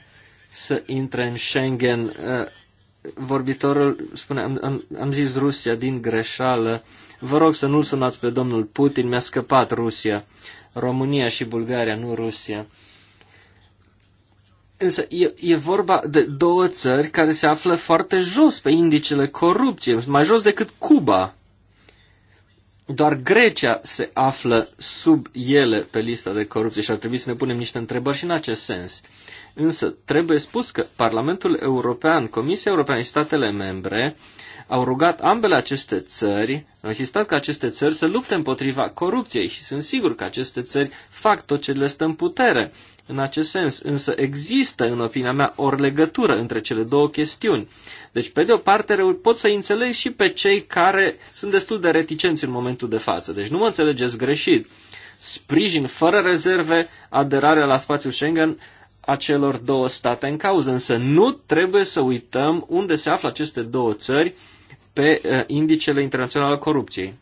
să intre în Schengen. Uh, vorbitorul spune, am, am, am zis Rusia din greșeală. Vă rog să nu-l sunați pe domnul Putin, mi-a scăpat Rusia. România și Bulgaria, nu Rusia. Însă e, e vorba de două țări care se află foarte jos pe indicele corupției, mai jos decât Cuba. Doar Grecia se află sub ele pe lista de corupție și ar trebui să ne punem niște întrebări și în acest sens. Însă trebuie spus că Parlamentul European, Comisia Europeană și statele membre au rugat ambele aceste țări, au insistat ca aceste țări să lupte împotriva corupției și sunt sigur că aceste țări fac tot ce le stă în putere în acest sens. Însă există, în opinia mea, o legătură între cele două chestiuni. Deci, pe de o parte, pot să înțeleg și pe cei care sunt destul de reticenți în momentul de față. Deci nu mă înțelegeți greșit. Sprijin fără rezerve aderarea la spațiul Schengen a celor două state în cauză, însă nu trebuie să uităm unde se află aceste două țări pe eh, indicele internațional al corupției.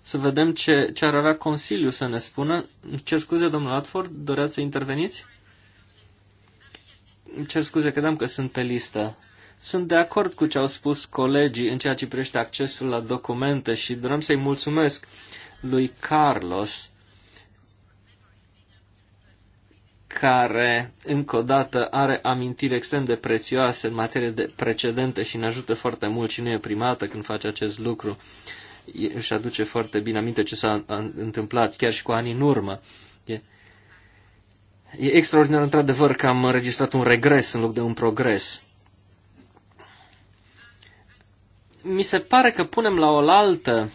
Să vedem ce, ce ar avea Consiliul să ne spună. Cer scuze, domnul Atford, doreați să interveniți? Îmi cer scuze, credeam că sunt pe listă. Sunt de acord cu ce au spus colegii în ceea ce privește accesul la documente și doream să-i mulțumesc lui Carlos, care, încă o dată, are amintiri extrem de prețioase în materie de precedente și ne ajută foarte mult și nu e primată când face acest lucru. Își aduce foarte bine aminte ce s-a întâmplat chiar și cu ani în urmă. Yeah. E extraordinar, într-adevăr, că am înregistrat un regres în loc de un progres. Mi se pare că punem la oaltă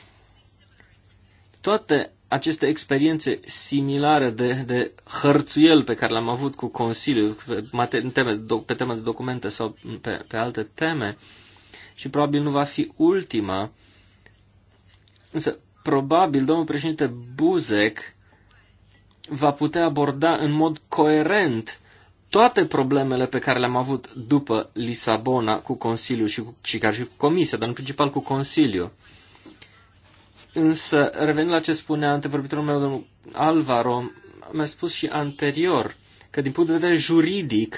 toate aceste experiențe similare de, de hărțuiel pe care le-am avut cu Consiliul, pe, teme, pe teme de documente sau pe, pe alte teme, și probabil nu va fi ultima, însă probabil domnul președinte Buzek va putea aborda în mod coerent toate problemele pe care le-am avut după Lisabona cu Consiliu și, cu, și chiar și cu Comisia, dar în principal cu Consiliu. Însă, revenind la ce spunea antevorbitorul meu, domnul Alvaro, mi-a spus și anterior că din punct de vedere juridic,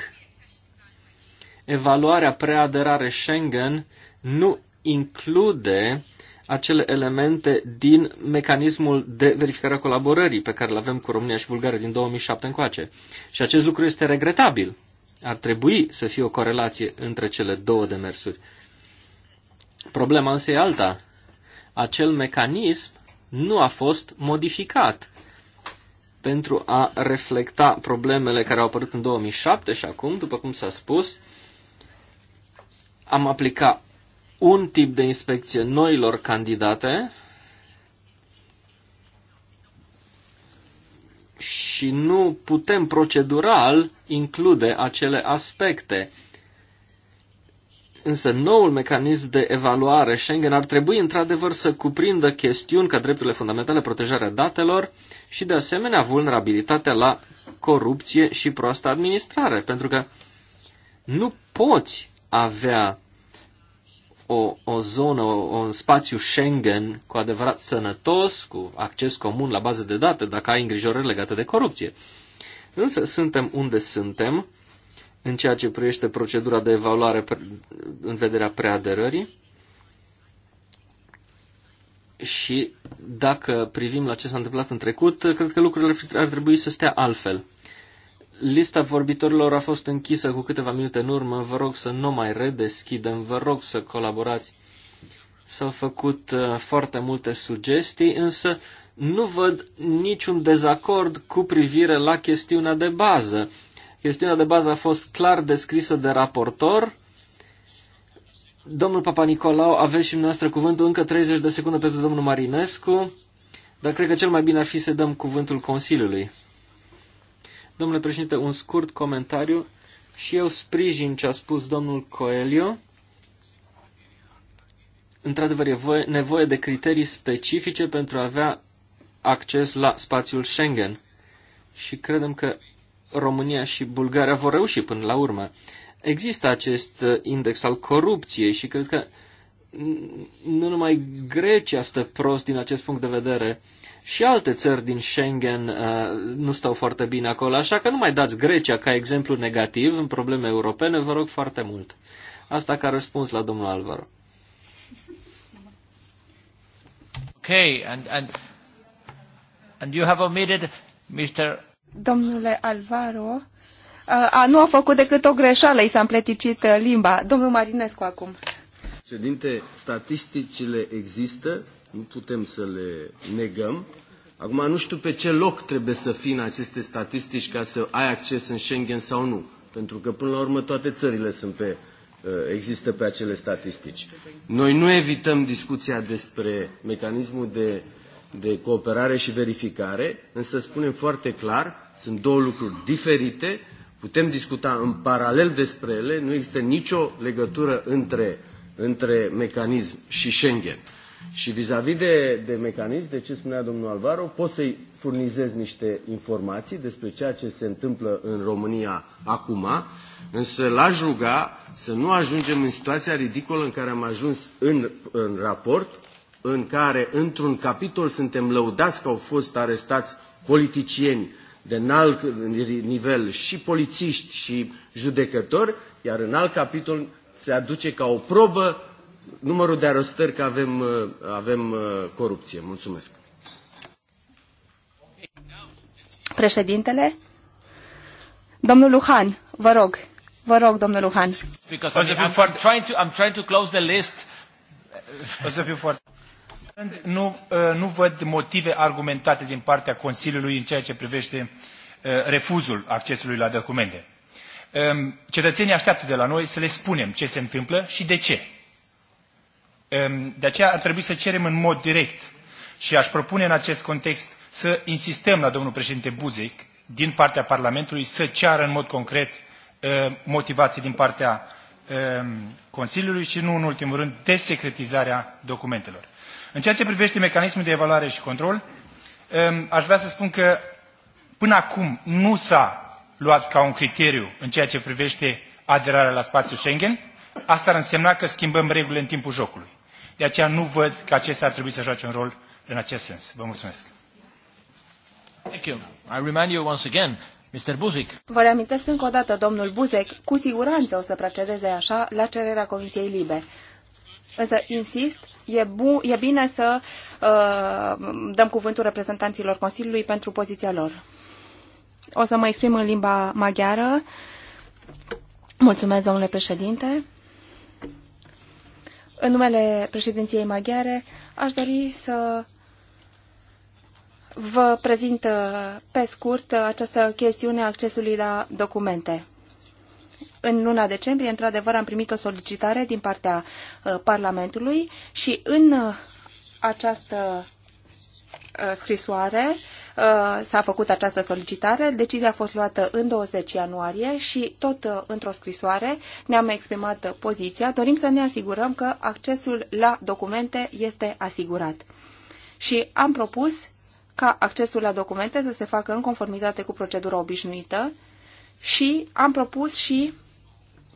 evaluarea preaderare Schengen nu include acele elemente din mecanismul de verificare a colaborării pe care îl avem cu România și Bulgaria din 2007 încoace. Și acest lucru este regretabil. Ar trebui să fie o corelație între cele două demersuri. Problema însă e alta. Acel mecanism nu a fost modificat pentru a reflecta problemele care au apărut în 2007 și acum, după cum s-a spus, am aplicat un tip de inspecție noilor candidate și nu putem procedural include acele aspecte. Însă noul mecanism de evaluare Schengen ar trebui într-adevăr să cuprindă chestiuni ca drepturile fundamentale, protejarea datelor și de asemenea vulnerabilitatea la corupție și proastă administrare, pentru că nu poți avea o, o zonă, o, un spațiu Schengen cu adevărat sănătos, cu acces comun la bază de date, dacă ai îngrijorări legate de corupție. Însă suntem unde suntem în ceea ce privește procedura de evaluare în vederea preaderării. Și dacă privim la ce s-a întâmplat în trecut, cred că lucrurile ar trebui să stea altfel. Lista vorbitorilor a fost închisă cu câteva minute în urmă. Vă rog să nu mai redeschidem, vă rog să colaborați. S-au făcut uh, foarte multe sugestii, însă nu văd niciun dezacord cu privire la chestiunea de bază. Chestiunea de bază a fost clar descrisă de raportor. Domnul Papa Nicolau, aveți și dumneavoastră cuvântul încă 30 de secunde pentru domnul Marinescu, dar cred că cel mai bine ar fi să dăm cuvântul Consiliului. Domnule președinte, un scurt comentariu și eu sprijin ce a spus domnul Coelio. Într-adevăr, e nevoie de criterii specifice pentru a avea acces la spațiul Schengen. Și credem că România și Bulgaria vor reuși până la urmă. Există acest uh, index al corupției și cred că nu numai Grecia stă prost din acest punct de vedere, și alte țări din Schengen uh, nu stau foarte bine acolo, așa că nu mai dați Grecia ca exemplu negativ în probleme europene, vă rog foarte mult. Asta ca răspuns la domnul Alvaro. Okay, and, and, and you have omitted Mr. Domnule Alvaro, a, uh, a, nu a făcut decât o greșeală, i s-a împleticit uh, limba. Domnul Marinescu acum. Președinte, statisticile există, nu putem să le negăm. Acum nu știu pe ce loc trebuie să fii în aceste statistici ca să ai acces în Schengen sau nu. Pentru că până la urmă toate țările sunt pe, uh, există pe acele statistici. Noi nu evităm discuția despre mecanismul de, de cooperare și verificare, însă spunem foarte clar, sunt două lucruri diferite, putem discuta în paralel despre ele, nu există nicio legătură între între mecanism și Schengen. Și vis-a-vis -vis de, de mecanism, de ce spunea domnul Alvaro, pot să-i furnizez niște informații despre ceea ce se întâmplă în România acum, însă l-aș ruga să nu ajungem în situația ridicolă în care am ajuns în, în raport, în care într-un capitol suntem lăudați că au fost arestați politicieni de înalt nivel și polițiști și judecători, iar în alt capitol se aduce ca o probă numărul de arestări că avem, uh, avem uh, corupție. Mulțumesc. Președintele? Domnul Luhan, vă rog. Vă rog, domnul Luhan. foarte... trying to, I'm trying to close the list. O să fiu foarte... Nu, uh, nu văd motive argumentate din partea Consiliului în ceea ce privește refuzul accesului la documente Ehm, cetățenii așteaptă de la noi să le spunem ce se întâmplă și de ce. Ehm, de aceea ar trebui să cerem în mod direct și aș propune în acest context să insistăm la domnul președinte Buzek din partea Parlamentului să ceară în mod concret ehm, motivații din partea Consiliului și nu în ultimul rând desecretizarea documentelor. În ceea ce privește mecanismul de evaluare și control, aș vrea să spun că până acum nu s-a luat ca un criteriu în ceea ce privește aderarea la spațiul Schengen, asta ar însemna că schimbăm regulile în timpul jocului. De aceea nu văd că acesta ar trebui să joace un rol în acest sens. Vă mulțumesc. Thank you. I remind you once again, Mr. Buzic. Vă reamintesc încă o dată, domnul Buzek, cu siguranță o să procedeze așa la cererea Comisiei Libe. Însă, insist, e, bu- e bine să uh, dăm cuvântul reprezentanților Consiliului pentru poziția lor. O să mă exprim în limba maghiară. Mulțumesc, domnule președinte. În numele președinției maghiare, aș dori să vă prezint uh, pe scurt uh, această chestiune a accesului la documente. În luna decembrie, într-adevăr, am primit o solicitare din partea uh, Parlamentului și în această scrisoare uh, Uh, s-a făcut această solicitare. Decizia a fost luată în 20 ianuarie și tot uh, într-o scrisoare ne-am exprimat poziția. Dorim să ne asigurăm că accesul la documente este asigurat. Și am propus ca accesul la documente să se facă în conformitate cu procedura obișnuită și am propus și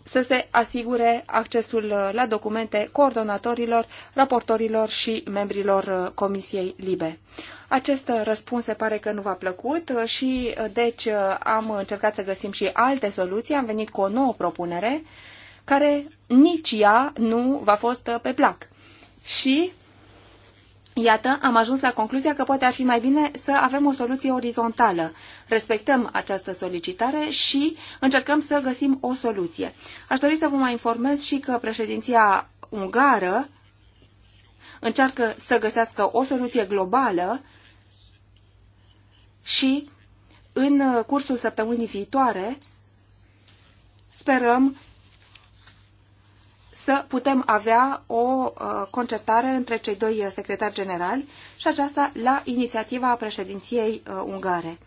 să se asigure accesul uh, la documente coordonatorilor, raportorilor și membrilor uh, Comisiei Libe. Acest uh, răspuns se pare că nu v-a plăcut și deci am încercat să găsim și alte soluții, am venit cu o nouă propunere care nici ea nu v-a fost pe plac. Și Iată, am ajuns la concluzia că poate ar fi mai bine să avem o soluție orizontală. Respectăm această solicitare și încercăm să găsim o soluție. Aș dori să vă mai informez și că președinția ungară încearcă să găsească o soluție globală și în cursul săptămânii viitoare sperăm să putem avea o uh, concertare între cei doi uh, secretari generali și aceasta la inițiativa președinției uh, ungare.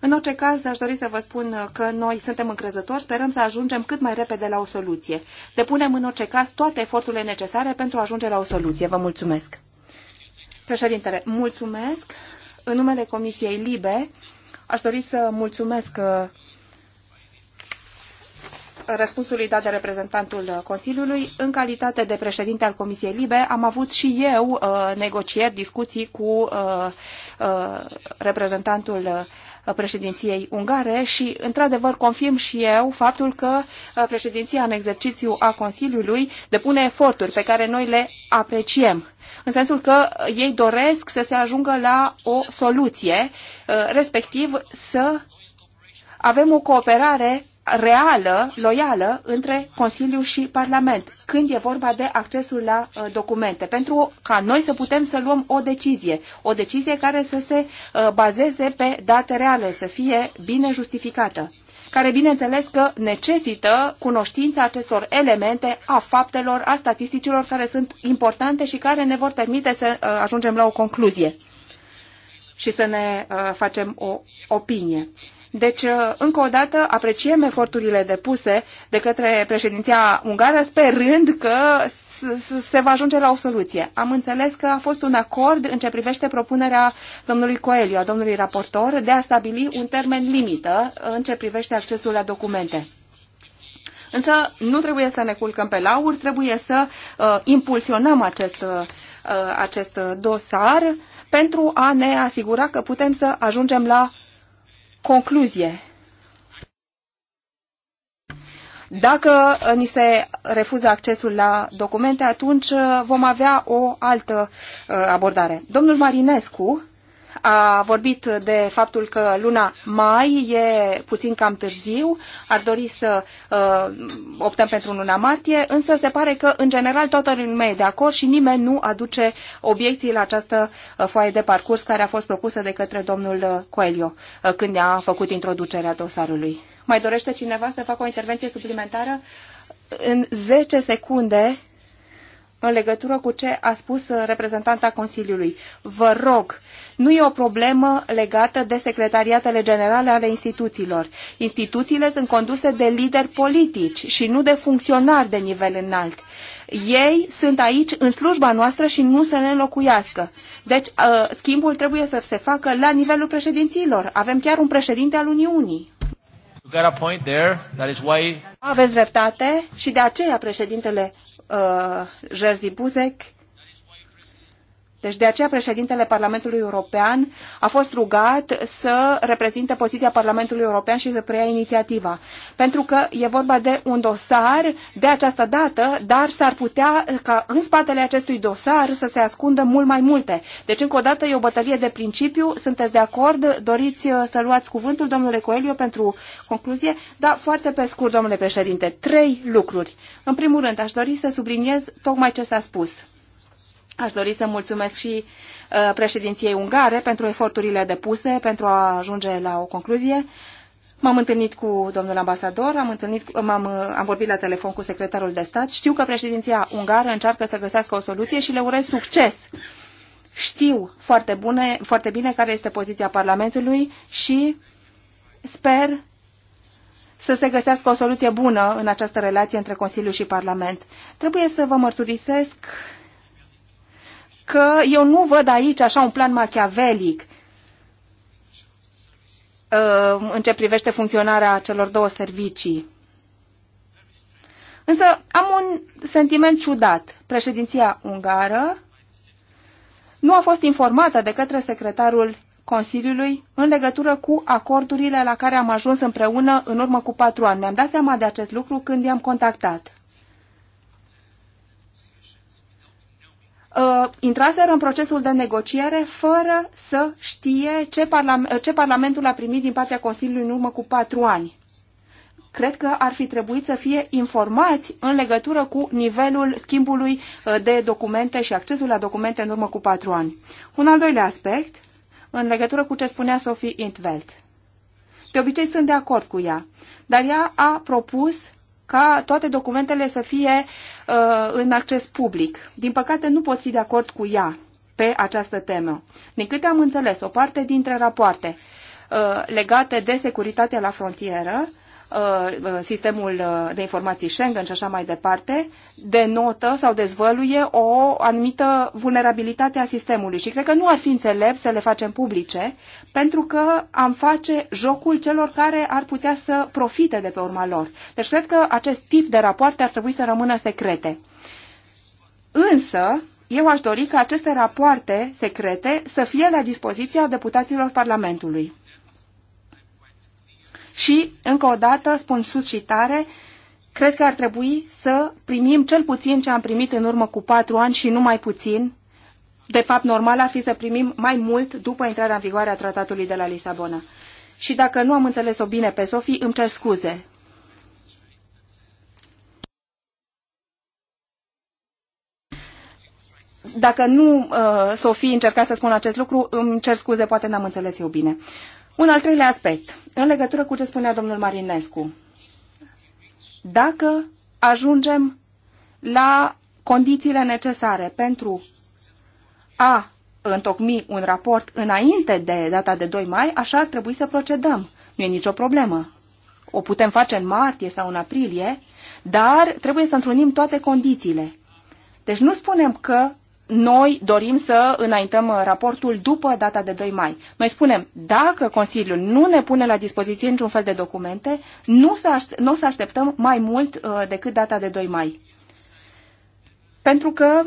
În orice caz, aș dori să vă spun că noi suntem încrezători, sperăm să ajungem cât mai repede la o soluție. Depunem în orice caz toate eforturile necesare pentru a ajunge la o soluție. Vă mulțumesc. Președintele, mulțumesc. În numele Comisiei Libe, aș dori să mulțumesc răspunsului dat de reprezentantul Consiliului, în calitate de președinte al Comisiei Libe, am avut și eu uh, negocieri, discuții cu uh, uh, reprezentantul președinției ungare și, într-adevăr, confirm și eu faptul că președinția în exercițiu a Consiliului depune eforturi pe care noi le apreciem în sensul că ei doresc să se ajungă la o soluție, respectiv să avem o cooperare reală, loială, între Consiliu și Parlament, când e vorba de accesul la uh, documente, pentru ca noi să putem să luăm o decizie, o decizie care să se uh, bazeze pe date reale, să fie bine justificată care bineînțeles că necesită cunoștința acestor elemente a faptelor, a statisticilor care sunt importante și care ne vor permite să uh, ajungem la o concluzie și să ne uh, facem o opinie. Deci, uh, încă o dată, apreciem eforturile depuse de către președinția ungară, sperând că se va ajunge la o soluție. Am înțeles că a fost un acord în ce privește propunerea domnului Coelio, a domnului raportor, de a stabili un termen limită în ce privește accesul la documente. Însă nu trebuie să ne culcăm pe lauri, trebuie să uh, impulsionăm acest, uh, uh acest dosar pentru a ne asigura că putem să ajungem la Concluzie. Dacă uh, ni se refuză accesul la documente, atunci uh, vom avea o altă uh, abordare. Domnul Marinescu a vorbit de faptul că luna mai e puțin cam târziu, ar dori să uh, optăm pentru luna martie, însă se pare că, în general, toată lumea e de acord și nimeni nu aduce obiecții la această uh, foaie de parcurs care a fost propusă de către domnul uh, Coelho uh, când a făcut introducerea dosarului. Mai dorește cineva să facă o intervenție suplimentară? În 10 secunde în legătură cu ce a spus uh, reprezentanta Consiliului. Vă rog, nu e o problemă legată de secretariatele generale ale instituțiilor. Instituțiile sunt conduse de lideri politici și nu de funcționari de nivel înalt. Ei sunt aici în slujba noastră și nu să ne înlocuiască. Deci uh, schimbul trebuie să se facă la nivelul președinților. Avem chiar un președinte al Uniunii got a point there. That is why... Aveți dreptate și de aceea președintele uh, Jerzy Buzek deci de aceea președintele Parlamentului European a fost rugat să reprezinte poziția Parlamentului European și să preia inițiativa. Pentru că e vorba de un dosar de această dată, dar s-ar putea ca în spatele acestui dosar să se ascundă mult mai multe. Deci încă o dată e o bătălie de principiu. Sunteți de acord? Doriți uh, să luați cuvântul, domnule Coelio, pentru concluzie? Da, foarte pe scurt, domnule președinte. Trei lucruri. În primul rând, aș dori să subliniez tocmai ce s-a spus Aș dori să mulțumesc și uh, președinției ungare pentru eforturile depuse pentru a ajunge la o concluzie. M-am întâlnit cu domnul ambasador, am, întâlnit, am uh, am vorbit la telefon cu secretarul de stat. Știu că președinția ungară încearcă să găsească o soluție și le urez succes. Știu foarte, bune, foarte bine care este poziția Parlamentului și sper să se găsească o soluție bună în această relație între Consiliu și Parlament. Trebuie să vă mărturisesc că eu nu văd aici așa un plan machiavelic uh, în ce privește funcționarea celor două servicii. Însă am un sentiment ciudat. Președinția ungară nu a fost informată de către secretarul Consiliului în legătură cu acordurile la care am ajuns împreună în urmă cu patru ani. Mi-am dat seama de acest lucru când i-am contactat. uh, intraseră în procesul de negociere fără să știe ce, parlam- uh, ce Parlamentul a primit din partea Consiliului în urmă cu patru ani. Cred că ar fi trebuit să fie informați în legătură cu nivelul schimbului uh, de documente și accesul la documente în urmă cu patru ani. Un al doilea aspect, în legătură cu ce spunea Sophie Intveld. De obicei sunt de acord cu ea, dar ea a propus ca toate documentele să fie uh, în acces public. Din păcate, nu pot fi de acord cu ea pe această temă. Din câte am înțeles, o parte dintre rapoarte uh, legate de securitatea la frontieră Uh, uh, sistemul uh, de informații Schengen și așa mai departe, denotă sau dezvăluie o anumită vulnerabilitate a sistemului și cred că nu ar fi înțelept să le facem publice, pentru că am face jocul celor care ar putea să profite de pe urma lor. Deci cred că acest tip de rapoarte ar trebui să rămână secrete. Însă, eu aș dori ca aceste rapoarte secrete să fie la dispoziția deputaților Parlamentului și, încă o dată, spun sus și tare, cred că ar trebui să primim cel puțin ce am primit în urmă cu patru ani și nu mai puțin. De fapt, normal ar fi să primim mai mult după intrarea în vigoare a tratatului de la Lisabona. Și dacă nu am înțeles-o bine pe Sofie, îmi cer scuze. Dacă nu, uh, Sofie încerca să spun acest lucru, îmi cer scuze, poate n-am înțeles eu bine. Un al treilea aspect, în legătură cu ce spunea domnul Marinescu. Dacă ajungem la condițiile necesare pentru a întocmi un raport înainte de data de 2 mai, așa ar trebui să procedăm. Nu e nicio problemă. O putem face în martie sau în aprilie, dar trebuie să întrunim toate condițiile. Deci nu spunem că noi dorim să înaintăm uh, raportul după data de 2 mai. Noi spunem, dacă Consiliul nu ne pune la dispoziție niciun fel de documente, nu, să aștept, nu o să așteptăm mai mult uh, decât data de 2 mai. Pentru că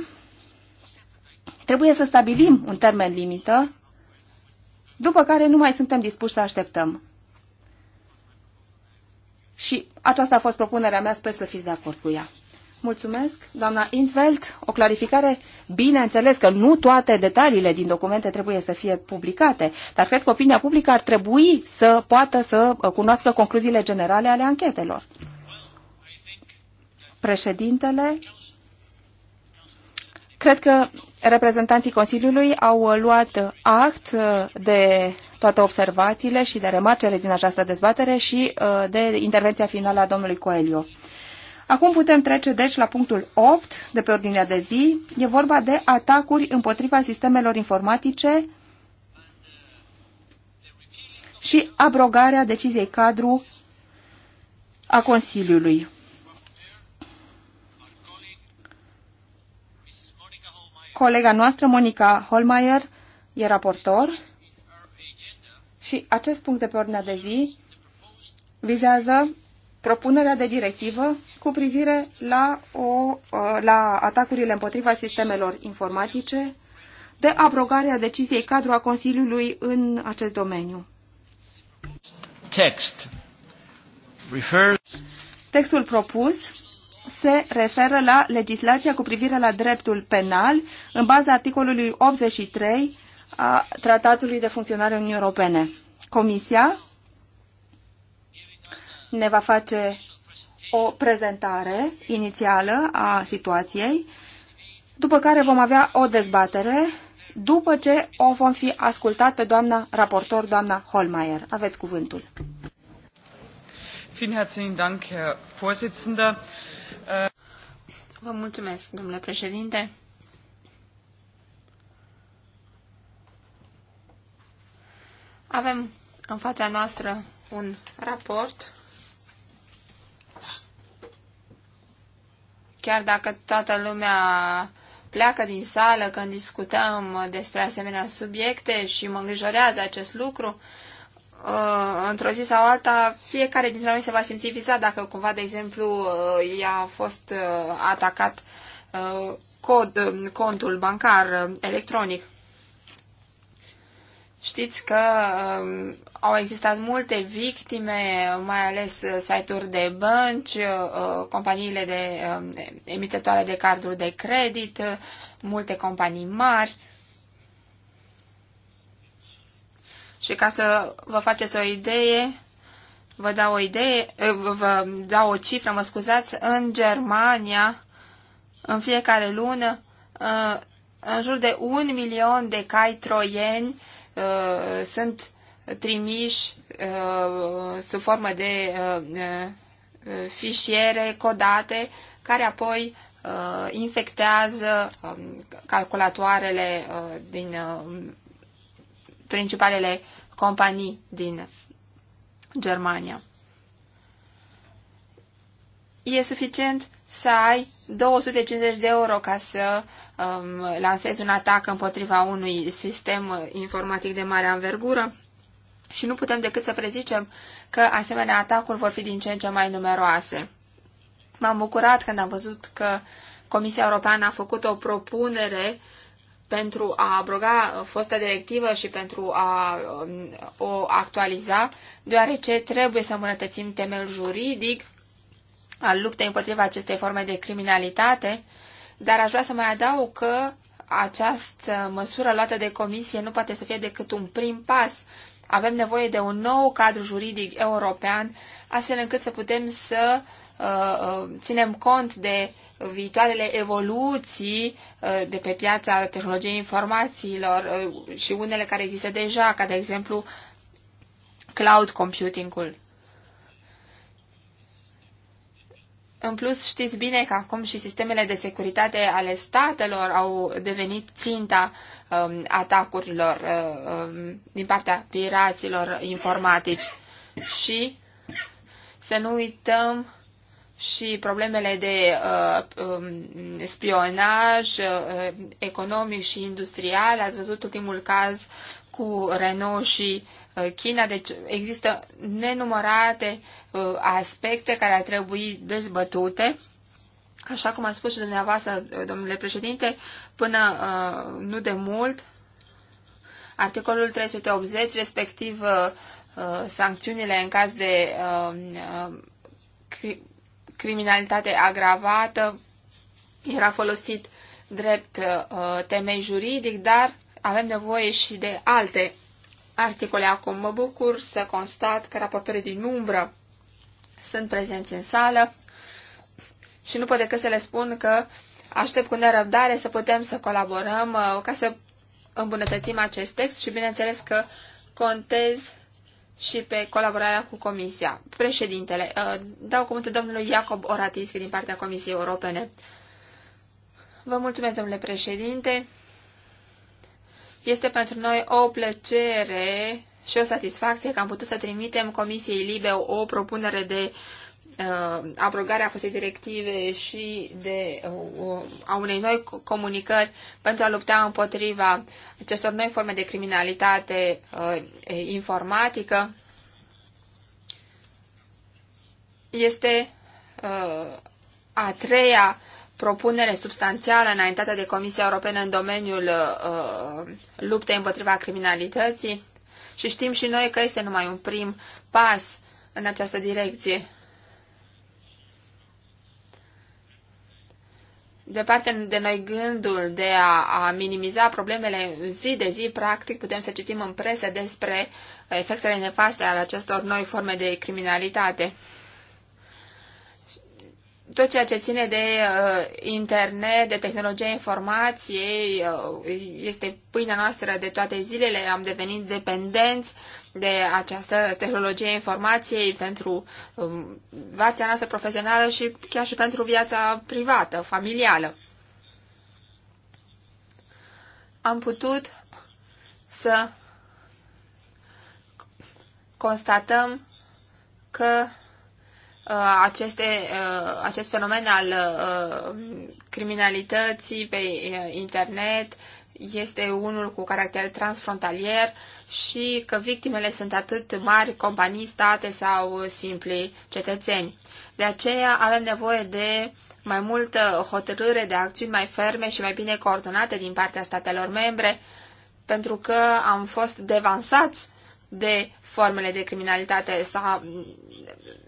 trebuie să stabilim un termen limită, după care nu mai suntem dispuși să așteptăm. Și aceasta a fost propunerea mea, sper să fiți de acord cu ea. Mulțumesc, doamna Intveld. O clarificare, bineînțeles că nu toate detaliile din documente trebuie să fie publicate, dar cred că opinia publică ar trebui să poată să uh, cunoască concluziile generale ale anchetelor. Președintele, cred că reprezentanții Consiliului au uh, luat act uh, de toate observațiile și de remarcele din această dezbatere și de intervenția finală a domnului Coelio. Acum putem trece, deci, la punctul 8 de pe ordinea de zi. E vorba de atacuri împotriva sistemelor informatice și abrogarea deciziei cadru a Consiliului. Colega noastră, Monica Holmeier, e raportor și acest punct de pe ordinea de zi vizează propunerea de directivă cu privire la, o, ă, la atacurile împotriva sistemelor informatice, de abrogarea deciziei cadru a Consiliului în acest domeniu. Text. Refer... Textul propus se referă la legislația cu privire la dreptul penal în baza articolului 83 a Tratatului de Funcționare Uniunii Europene. Comisia ne va face o prezentare inițială a situației, după care vom avea o dezbatere după ce o vom fi ascultat pe doamna raportor, doamna Holmeier. Aveți cuvântul. Vă mulțumesc, domnule președinte. Avem în fața noastră un raport Chiar dacă toată lumea pleacă din sală când discutăm despre asemenea subiecte și mă îngrijorează acest lucru, uh, într-o zi sau alta, fiecare dintre noi se va simți vizat dacă cumva, de exemplu, uh, i-a fost uh, atacat cod, contul bancar electronic. Știți că au existat multe victime, mai ales site-uri de bănci, uh, companiile de um, emițătoare de carduri de credit, uh, multe companii mari. Și ca să vă faceți o idee, vă dau o idee, uh, vă dau o cifră, mă scuzați, în Germania, în fiecare lună, în jur de un milion de cai troieni sunt trimiși uh, sub formă de uh, uh, fișiere codate care apoi uh, infectează um, calculatoarele uh, din uh, principalele companii din Germania. E suficient să ai 250 de euro ca să um, lansezi un atac împotriva unui sistem informatic de mare anvergură? și nu putem decât să prezicem că asemenea atacuri vor fi din ce în ce mai numeroase. M-am bucurat când am văzut că Comisia Europeană a făcut o propunere pentru a abroga uh, fosta directivă și pentru a um, o actualiza, deoarece trebuie să îmbunătățim temel juridic al luptei împotriva acestei forme de criminalitate, dar aș vrea să mai adaug că această măsură luată de comisie nu poate să fie decât un prim pas avem nevoie de un nou cadru juridic european, astfel încât să putem să uh, uh ținem cont de viitoarele evoluții uh, de pe piața tehnologiei informațiilor uh, și unele care există deja, ca de exemplu cloud computing-ul. În plus, știți bine că acum și sistemele de securitate ale statelor au devenit ținta um, atacurilor uh, um, din partea piraților informatici și să nu uităm și problemele de uh, um, spionaj uh, economic și industrial. Ați văzut ultimul caz cu Renault și uh, China, deci există nenumărate uh, aspecte care ar trebui dezbătute Așa cum a spus și dumneavoastră, domnule președinte, până uh, nu de mult, articolul 380, respectiv uh, uh, sancțiunile în caz de uh, uh, cri criminalitate agravată, era folosit drept uh, temei juridic, dar avem nevoie și de alte articole. Acum mă bucur să constat că raportorii din umbră sunt prezenți în sală și nu pot decât să le spun că aștept cu nerăbdare să putem să colaborăm uh, ca să îmbunătățim acest text și bineînțeles că contez și pe colaborarea cu Comisia. Președintele, uh, dau cuvântul domnului Iacob Oratinski din partea Comisiei Europene. Vă mulțumesc, domnule președinte. Este pentru noi o plăcere și o satisfacție că am putut să trimitem Comisiei Libe o propunere de uh, abrogarea acestei directive și de uh, uh a unei noi comunicări pentru a lupta împotriva acestor noi forme de criminalitate uh, informatică este uh, a treia propunere substanțială înaintată de Comisia Europeană în domeniul uh, luptei împotriva criminalității și știm și noi că este numai un prim pas în această direcție. departe de noi gândul de a, a minimiza problemele zi de zi, practic putem să citim în presă despre efectele nefaste ale acestor noi forme de criminalitate tot ceea ce ține de uh, internet, de tehnologia informației, uh, este pâinea noastră de toate zilele. Am devenit dependenți de această tehnologie informației pentru uh, viața noastră profesională și chiar și pentru viața privată, familială. Am putut să constatăm că Uh, aceste, uh, acest fenomen al uh, criminalității pe internet este unul cu caracter transfrontalier și că victimele sunt atât mari companii, state sau simpli cetățeni. De aceea avem nevoie de mai multă hotărâre de acțiuni mai ferme și mai bine coordonate din partea statelor membre, pentru că am fost devansați de formele de criminalitate.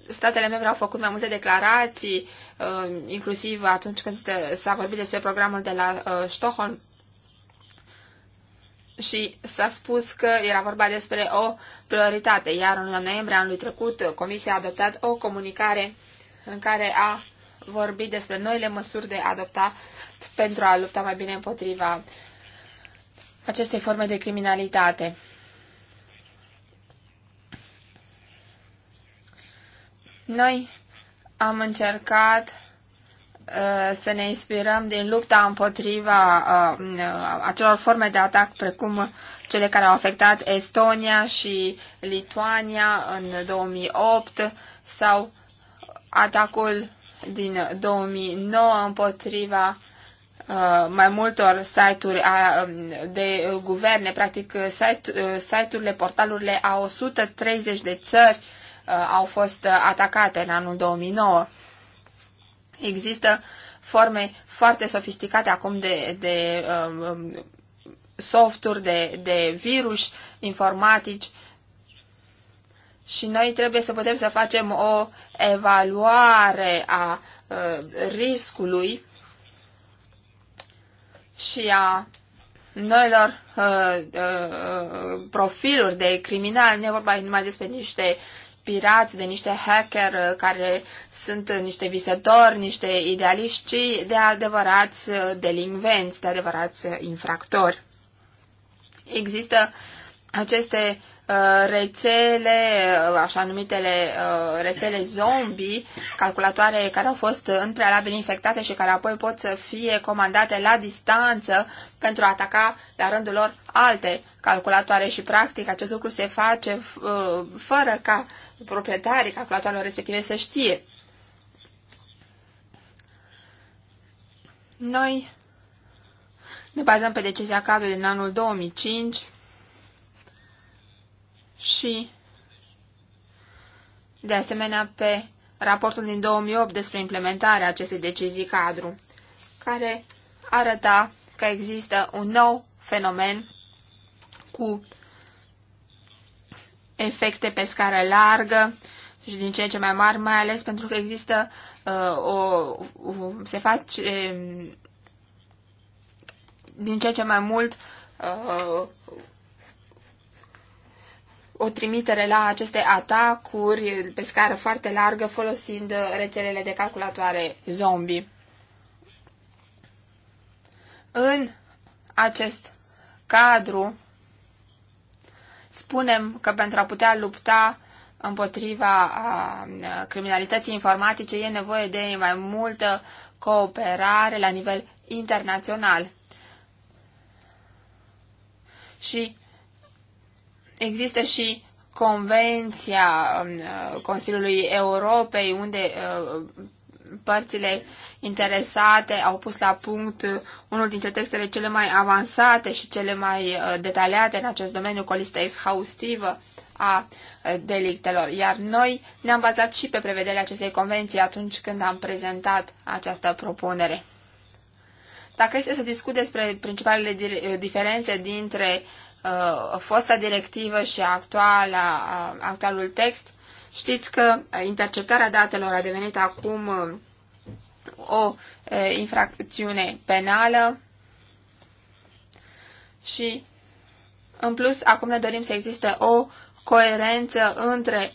statele membre au făcut mai multe declarații, uh, inclusiv atunci când uh, s-a vorbit despre programul de la uh, Stockholm și s-a spus că era vorba despre o prioritate, iar în noiembrie anului trecut Comisia a adoptat o comunicare în care a vorbit despre noile măsuri de adoptat pentru a lupta mai bine împotriva acestei forme de criminalitate. Noi am încercat uh, să ne inspirăm din lupta împotriva uh, acelor forme de atac precum cele care au afectat Estonia și Lituania în 2008 sau atacul din 2009 împotriva uh, mai multor site-uri um, de guverne, practic site-urile, portalurile a 130 de țări Uh, au fost uh, atacate în anul 2009. Există forme foarte sofisticate acum de, de uh, um, softuri, de, de virus informatici și noi trebuie să putem să facem o evaluare a uh, riscului și a noilor uh, uh, profiluri de criminali, ne vorba numai despre niște inspirați de niște hacker uh, care sunt niște visători, niște idealiști, ci de adevărați uh, delinvenți, de adevărați uh, infractori. Există aceste Uh, rețele, uh, așa numitele uh, rețele zombie, calculatoare care au fost în prealabil infectate și care apoi pot să fie comandate la distanță pentru a ataca la rândul lor alte calculatoare și practic acest lucru se face fără ca proprietarii calculatoarelor respective să știe. Noi ne bazăm pe decizia cadrului din anul 2005 și, de asemenea, pe raportul din 2008 despre implementarea acestei decizii cadru, care arăta că există un nou fenomen cu efecte pe scară largă și din ce în ce mai mari, mai ales pentru că există uh, o, o, se face um, din ce în ce mai mult uh, o trimitere la aceste atacuri pe scară foarte largă folosind rețelele de calculatoare zombie. În acest cadru spunem că pentru a putea lupta împotriva criminalității informatice e nevoie de mai multă cooperare la nivel internațional. Și Există și Convenția um, uh, Consiliului Europei, unde uh, părțile interesate au pus la punct unul dintre textele cele mai avansate și cele mai uh, detaliate în acest domeniu, cu o listă exhaustivă a delictelor. Iar noi ne-am bazat și pe prevederile acestei convenții atunci când am prezentat această propunere. Dacă este să discut despre principalele diferențe dintre Uh, fosta directivă și actuala, uh, actualul text, știți că interceptarea datelor a devenit acum uh, o infracțiune penală și, în plus, acum ne dorim să existe o coerență între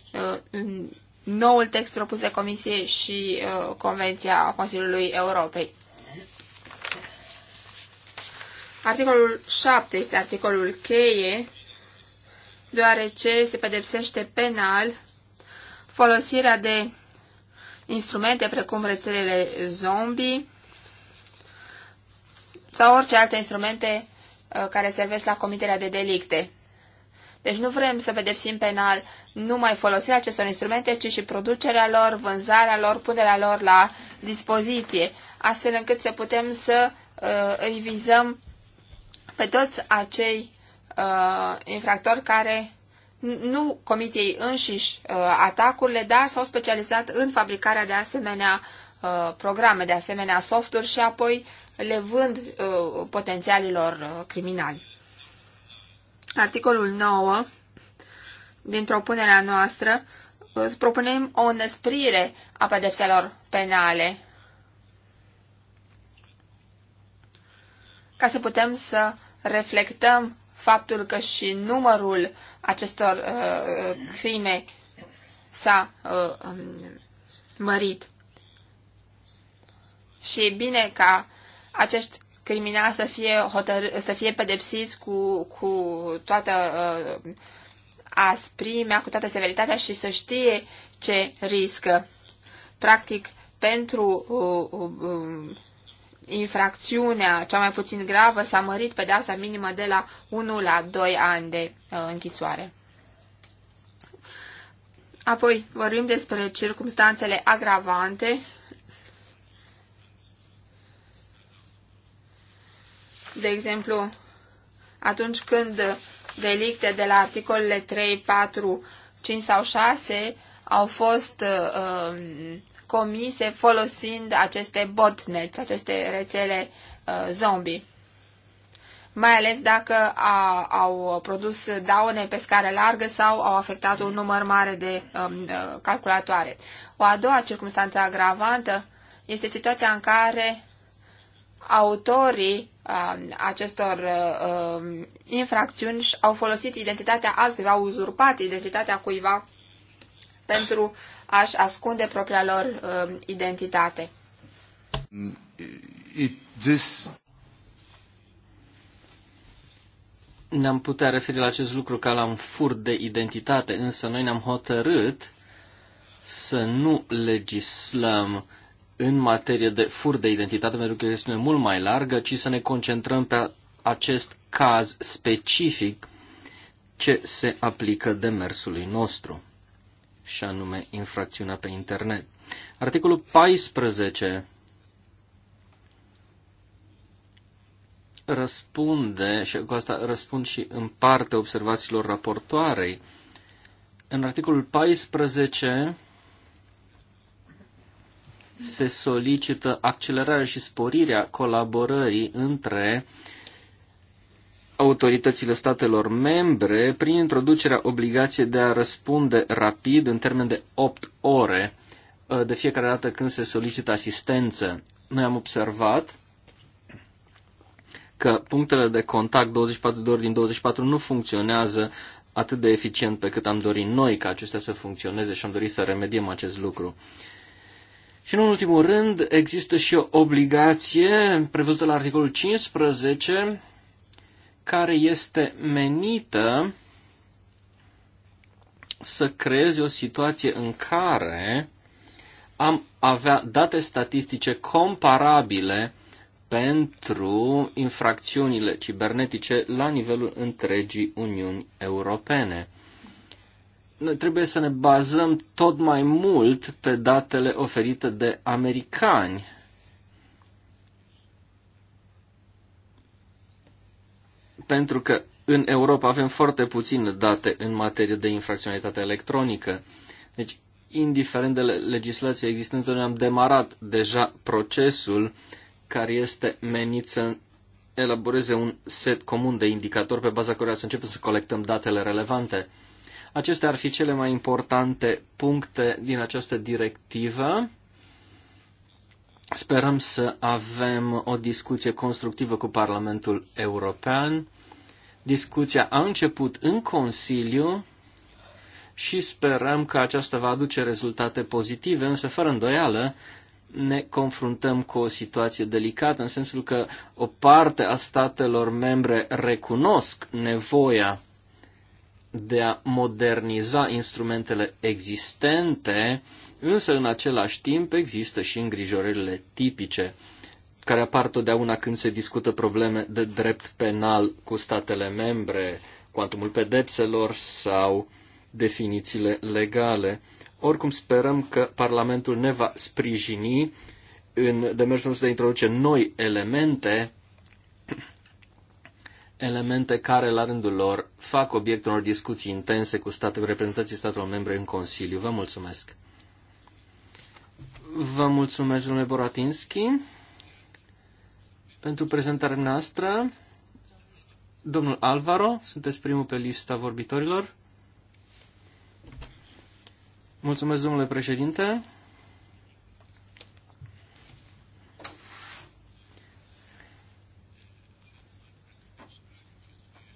noul text propus de Comisie și Convenția Consiliului Europei. Articolul 7 este articolul cheie, deoarece se pedepsește penal folosirea de instrumente precum rețelele zombie sau orice alte instrumente uh, care servesc la comiterea de delicte. Deci nu vrem să pedepsim penal numai folosirea acestor instrumente, ci și producerea lor, vânzarea lor, punerea lor la dispoziție, astfel încât să putem să uh, îi vizăm pe toți acei uh, infractori care nu comit ei înșiși uh, atacurile, dar s-au specializat în fabricarea de asemenea uh, programe, de asemenea softuri și apoi le vând uh, potențialilor uh, criminali. Articolul 9 din propunerea noastră uh, propunem o năsprire a pedepselor penale ca să putem să uh, reflectăm faptul că și numărul acestor uh, uh crime s-a uh, um, mărit. Și e bine ca acești criminali să fie, hotăr- să fie pedepsiți cu, cu toată uh, asprimea, cu toată severitatea și să știe ce riscă. Practic, pentru uh, uh, uh, infracțiunea cea mai puțin gravă s-a mărit pedeapsa minimă de la 1 la 2 ani de uh, închisoare. Apoi vorbim despre circumstanțele agravante. De exemplu, atunci când delicte de la articolele 3, 4, 5 sau 6 au fost uh, um, comise folosind aceste botnets, aceste rețele uh, zombie. Mai ales dacă a, au produs daune pe scară largă sau au afectat un număr mare de um, uh, calculatoare. O a doua circunstanță agravantă este situația în care autorii um, acestor um, infracțiuni au folosit identitatea altcuiva, au uzurpat identitatea cuiva pentru a-și ascunde propria lor uh, identitate. Mm, ne-am putea referi la acest lucru ca la un furt de identitate, însă noi ne-am hotărât să nu legislăm în materie de furt de identitate, pentru că este mult mai largă, ci să ne concentrăm pe acest caz specific ce se aplică demersului nostru și anume infracțiunea pe internet. Articolul 14 răspunde, și cu asta răspund și în parte observațiilor raportoarei, în articolul 14 se solicită accelerarea și sporirea colaborării între uh, autoritățile statelor membre prin introducerea obligației de a răspunde rapid în termen de 8 ore uh, de fiecare dată când se solicită asistență. Noi am observat că punctele de contact 24 de ori din 24 nu funcționează atât de eficient pe cât am dorit noi ca acestea să funcționeze și am dorit să remediem acest lucru. Și în ultimul rând, există și o obligație prevăzută la articolul 15 care este menită să creeze o situație în care am avea date statistice comparabile pentru infracțiunile cibernetice la nivelul întregii Uniuni Europene. Noi trebuie să ne bazăm tot mai mult pe datele oferite de americani pentru că în Europa avem foarte puține date în materie de infracționalitate electronică. Deci, indiferent de legislația existentă, noi am demarat deja procesul care este menit să elaboreze un set comun de indicatori pe baza căruia să începem să colectăm datele relevante. Acestea ar fi cele mai importante puncte din această directivă. Sperăm să avem o discuție constructivă cu Parlamentul European Discuția a început în Consiliu și sperăm că aceasta va aduce rezultate pozitive, însă fără îndoială ne confruntăm cu o situație delicată, în sensul că o parte a statelor membre recunosc nevoia de a moderniza instrumentele existente, însă în același timp există și îngrijorările tipice care apar totdeauna când se discută probleme de drept penal cu statele membre, cuantumul pedepselor sau definițiile legale. Oricum sperăm că Parlamentul ne va sprijini în demersul de a introduce noi elemente, elemente care la rândul lor fac obiectul unor discuții intense cu statul, reprezentanții statelor membre în Consiliu. Vă mulțumesc! Vă mulțumesc, domnule Boratinski pentru prezentarea noastră. Domnul Alvaro, sunteți primul pe lista vorbitorilor. Mulțumesc, domnule președinte.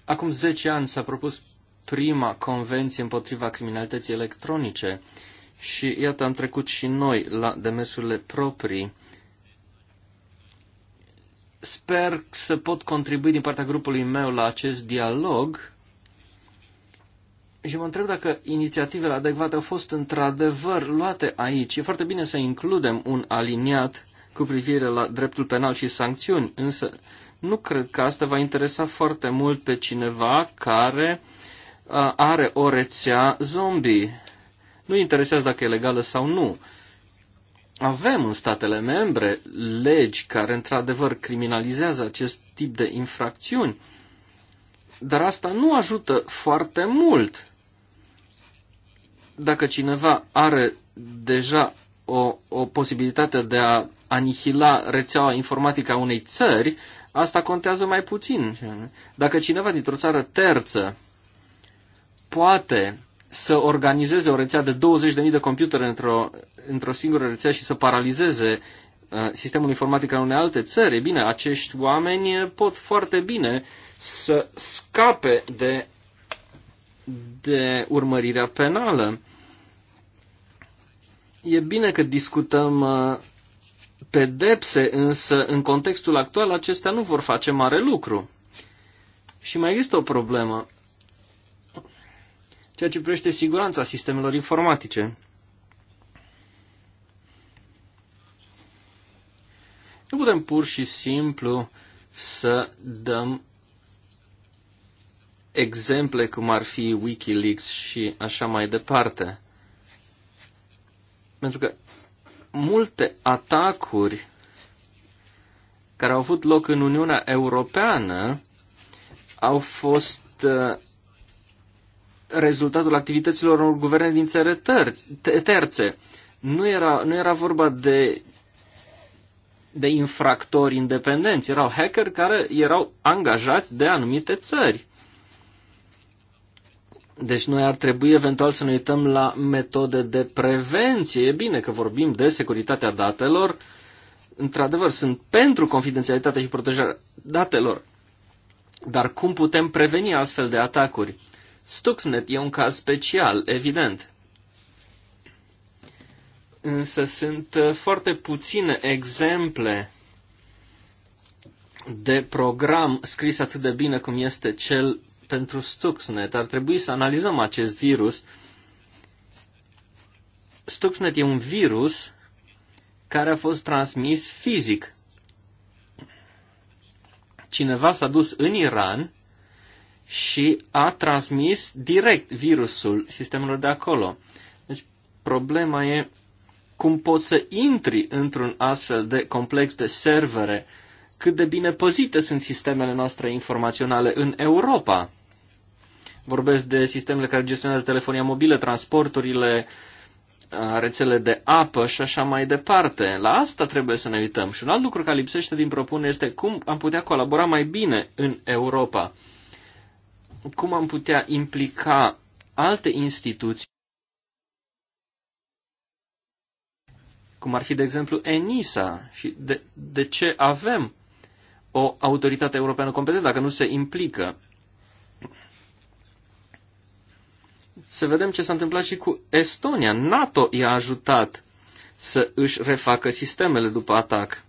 Acum 10 ani s-a propus prima convenție împotriva criminalității electronice și iată am trecut și noi la demersurile proprii Sper să pot contribui din partea grupului meu la acest dialog și mă întreb dacă inițiativele adecvate au fost într-adevăr luate aici. E foarte bine să includem un aliniat cu privire la dreptul penal și sancțiuni, însă nu cred că asta va interesa foarte mult pe cineva care uh, are o rețea zombie. Nu interesează dacă e legală sau nu. Avem în statele membre legi care într-adevăr criminalizează acest tip de infracțiuni, dar asta nu ajută foarte mult. Dacă cineva are deja o, o posibilitate de a anihila rețeaua informatică a unei țări, asta contează mai puțin. Dacă cineva dintr-o țară terță poate să organizeze o rețea de 20.000 de computere într-o, într-o singură rețea și să paralizeze uh, sistemul informatic al unei alte țări, bine, acești oameni pot foarte bine să scape de, de urmărirea penală. E bine că discutăm uh, pedepse, însă în contextul actual acestea nu vor face mare lucru. Și mai există o problemă ceea ce privește siguranța sistemelor informatice. Nu putem pur și simplu să dăm exemple cum ar fi Wikileaks și așa mai departe. Pentru că multe atacuri care au avut loc în Uniunea Europeană au fost uh, rezultatul activităților unor guverne din țări terțe. Nu era, nu era vorba de, de infractori independenți, erau hackeri care erau angajați de anumite țări. Deci noi ar trebui eventual să ne uităm la metode de prevenție. E bine că vorbim de securitatea datelor. Într-adevăr, sunt pentru confidențialitate și protejarea datelor. Dar cum putem preveni astfel de atacuri? Stuxnet e un caz special, evident. Însă sunt uh, foarte puține exemple de program scris atât de bine cum este cel pentru Stuxnet. Ar trebui să analizăm acest virus. Stuxnet e un virus care a fost transmis fizic. Cineva s-a dus în Iran și a transmis direct virusul sistemelor de acolo. Deci problema e cum poți să intri într-un astfel de complex de servere, cât de bine păzite sunt sistemele noastre informaționale în Europa. Vorbesc de sistemele care gestionează telefonia mobilă, transporturile, rețele de apă și așa mai departe. La asta trebuie să ne uităm. Și un alt lucru care lipsește din propunere este cum am putea colabora mai bine în Europa cum am putea implica alte instituții, cum ar fi, de exemplu, ENISA și de, de ce avem o autoritate europeană competentă dacă nu se implică. Să vedem ce s-a întâmplat și cu Estonia. NATO i-a ajutat să își refacă sistemele după atac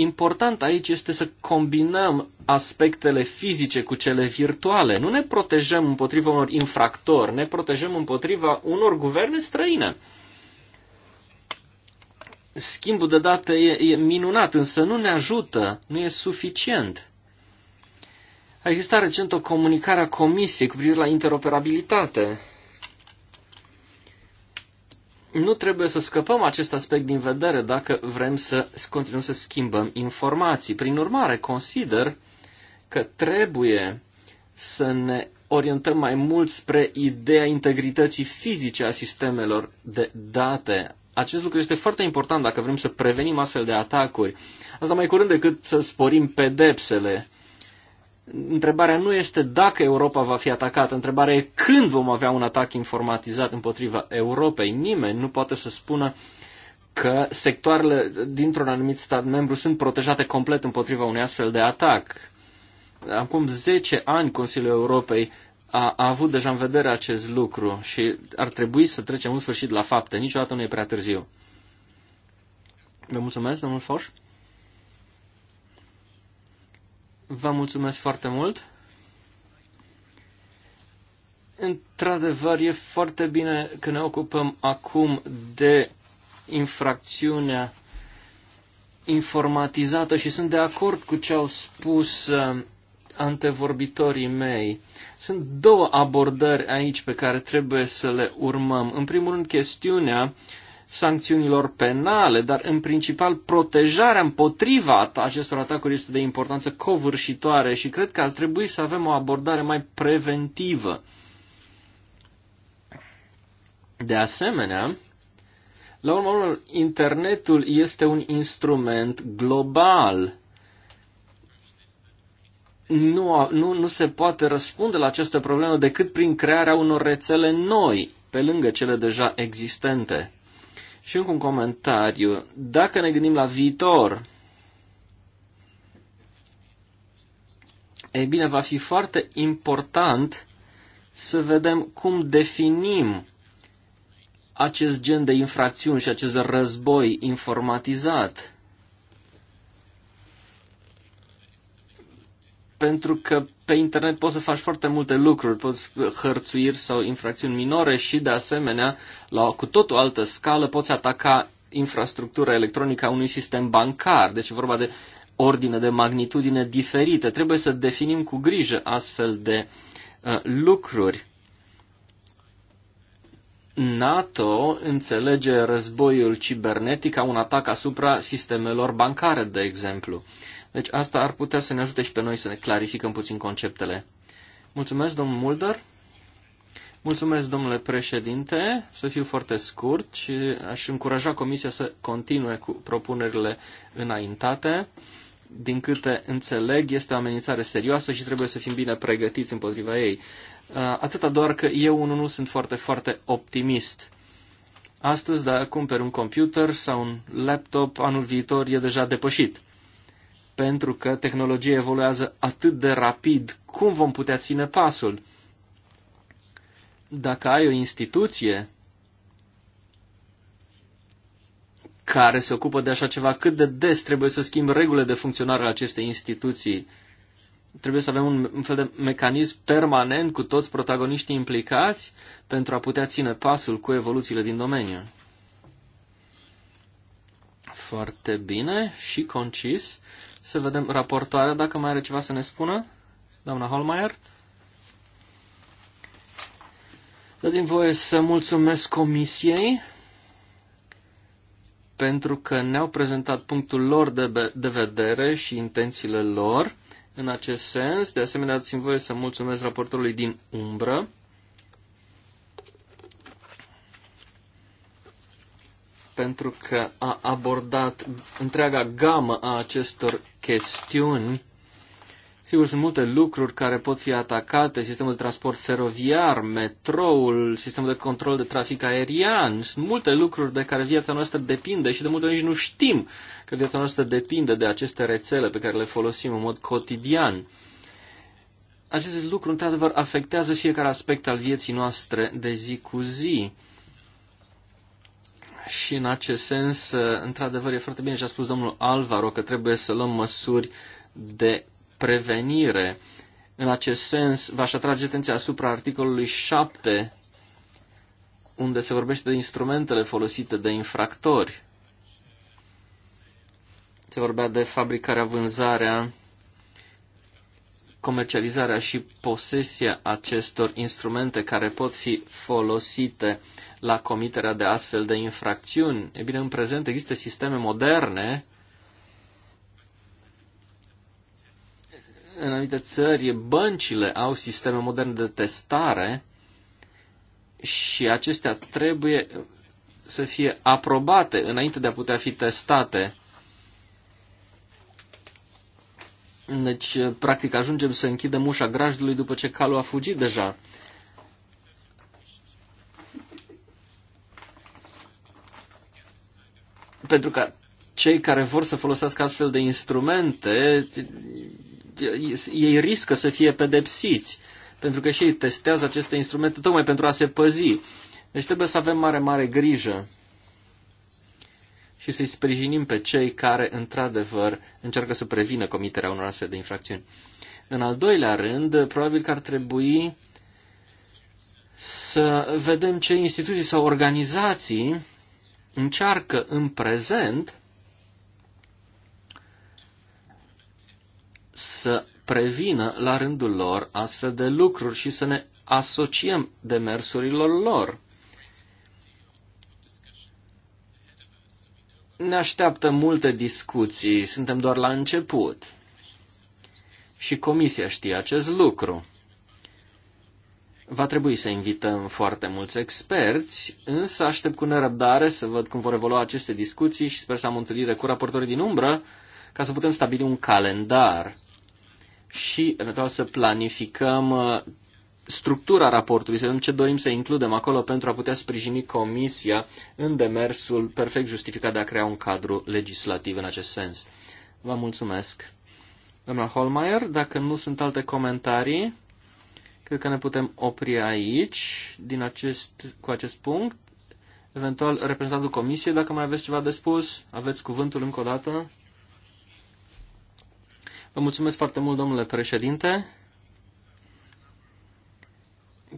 important aici este să combinăm aspectele fizice cu cele virtuale. Nu ne protejăm împotriva unor infractori, ne protejăm împotriva unor guverne străine. Schimbul de date e, e minunat, însă nu ne ajută, nu e suficient. A existat recent o comunicare a Comisiei cu privire la interoperabilitate nu trebuie să scăpăm acest aspect din vedere dacă vrem să continuăm să schimbăm informații. Prin urmare, consider că trebuie să ne orientăm mai mult spre ideea integrității fizice a sistemelor de date. Acest lucru este foarte important dacă vrem să prevenim astfel de atacuri. Asta mai curând decât să sporim pedepsele întrebarea nu este dacă Europa va fi atacată, întrebarea e când vom avea un atac informatizat împotriva Europei. Nimeni nu poate să spună că sectoarele dintr-un anumit stat membru sunt protejate complet împotriva unui astfel de atac. Acum 10 ani Consiliul Europei a, a avut deja în vedere acest lucru și ar trebui să trecem în sfârșit la fapte. Niciodată nu e prea târziu. Vă mulțumesc, domnul Foș. Vă mulțumesc foarte mult. Într-adevăr, e foarte bine că ne ocupăm acum de infracțiunea informatizată și sunt de acord cu ce au spus uh, antevorbitorii mei. Sunt două abordări aici pe care trebuie să le urmăm. În primul rând, chestiunea uh, sancțiunilor penale, dar în principal protejarea împotriva acestor atacuri este de importanță covârșitoare și cred că ar trebui să avem o abordare mai preventivă. De asemenea, la urmă, internetul este un instrument global. Nu, nu, nu se poate răspunde la această problemă decât prin crearea unor rețele noi, pe lângă cele deja existente. Și încă un comentariu. Dacă ne gândim la viitor, e bine, va fi foarte important să vedem cum definim acest gen de infracțiuni și acest război informatizat. pentru că pe internet poți să faci foarte multe lucruri, poți hărțuiri sau infracțiuni minore și, de asemenea, la cu tot o altă scală, poți ataca infrastructura electronică a unui sistem bancar. Deci e vorba de ordine de magnitudine diferite. Trebuie să definim cu grijă astfel de uh, lucruri. NATO înțelege războiul cibernetic ca un atac asupra sistemelor bancare, de exemplu. Uh, deci asta ar putea să ne ajute și pe noi să ne clarificăm puțin conceptele. Mulțumesc, domnul Mulder. Mulțumesc, domnule președinte. Să fiu foarte scurt și aș încuraja Comisia să continue cu propunerile înaintate. Din câte înțeleg, este o amenințare serioasă și trebuie să fim bine pregătiți împotriva ei. Uh, atâta doar că eu unul nu sunt foarte, foarte optimist. Astăzi, dacă cumperi un computer sau un laptop, anul viitor e deja depășit pentru că tehnologia evoluează atât de rapid, cum vom putea ține pasul? Dacă ai o instituție care se ocupă de așa ceva, cât de des trebuie să schimb regulile de funcționare a acestei instituții? Trebuie să avem un, un fel de mecanism permanent cu toți protagoniștii implicați pentru a putea ține pasul cu evoluțiile din domeniu. Foarte bine și concis. Să vedem raportoarea, dacă mai are ceva să ne spună, doamna Holmeier. Dați-mi voie să mulțumesc comisiei pentru că ne-au prezentat punctul lor de, de vedere și intențiile lor în acest sens. De asemenea, dați-mi voie să mulțumesc raportorului din umbră. pentru că a abordat întreaga gamă a acestor chestiuni. Sigur, sunt multe lucruri care pot fi atacate, sistemul de transport feroviar, metroul, sistemul de control de trafic aerian, sunt multe lucruri de care viața noastră depinde și de multe ori nici nu știm că viața noastră depinde de aceste rețele pe care le folosim în mod cotidian. Aceste lucruri, într-adevăr, afectează fiecare aspect al vieții noastre de zi cu zi. Și în acest sens, uh, într-adevăr, e foarte bine ce a spus domnul Alvaro că trebuie să luăm măsuri de prevenire. În acest sens, v-aș atrage atenția asupra articolului 7, unde se vorbește de instrumentele folosite de infractori. Se vorbea de fabricarea, vânzarea comercializarea și posesia acestor instrumente care pot fi folosite la comiterea de astfel de infracțiuni. E bine, în prezent există sisteme moderne în anumite țări băncile au sisteme moderne de testare și acestea trebuie să fie aprobate înainte de a putea fi testate. Deci, eh, practic, ajungem să închidem ușa grajdului după ce calul a fugit deja. Pentru că cei care vor să folosească astfel de instrumente, ei riscă să fie pedepsiți, pentru că și ei testează aceste instrumente tocmai pentru a se păzi. Deci trebuie să avem mare, mare grijă și să-i sprijinim pe cei care, într-adevăr, încearcă să prevină comiterea unor astfel de infracțiuni. În al doilea rând, probabil că ar trebui să vedem ce instituții sau organizații încearcă în prezent să prevină la rândul lor astfel de lucruri și să ne asociem demersurilor lor. ne așteaptă multe discuții, suntem doar la început. Și comisia știe acest lucru. Va trebui să invităm foarte mulți experți, însă aștept cu nerăbdare să văd cum vor evolua aceste discuții și sper să am o întâlnire cu raportorii din umbră ca să putem stabili un calendar și eventual să planificăm uh, structura raportului, să vedem ce dorim să includem acolo pentru a putea sprijini Comisia în demersul perfect justificat de a crea un cadru legislativ în acest sens. Vă mulțumesc. Doamna Holmeier, dacă nu sunt alte comentarii, cred că ne putem opri aici din acest, cu acest punct. Eventual, reprezentantul Comisiei, dacă mai aveți ceva de spus, aveți cuvântul încă o dată. Vă mulțumesc foarte mult, domnule președinte.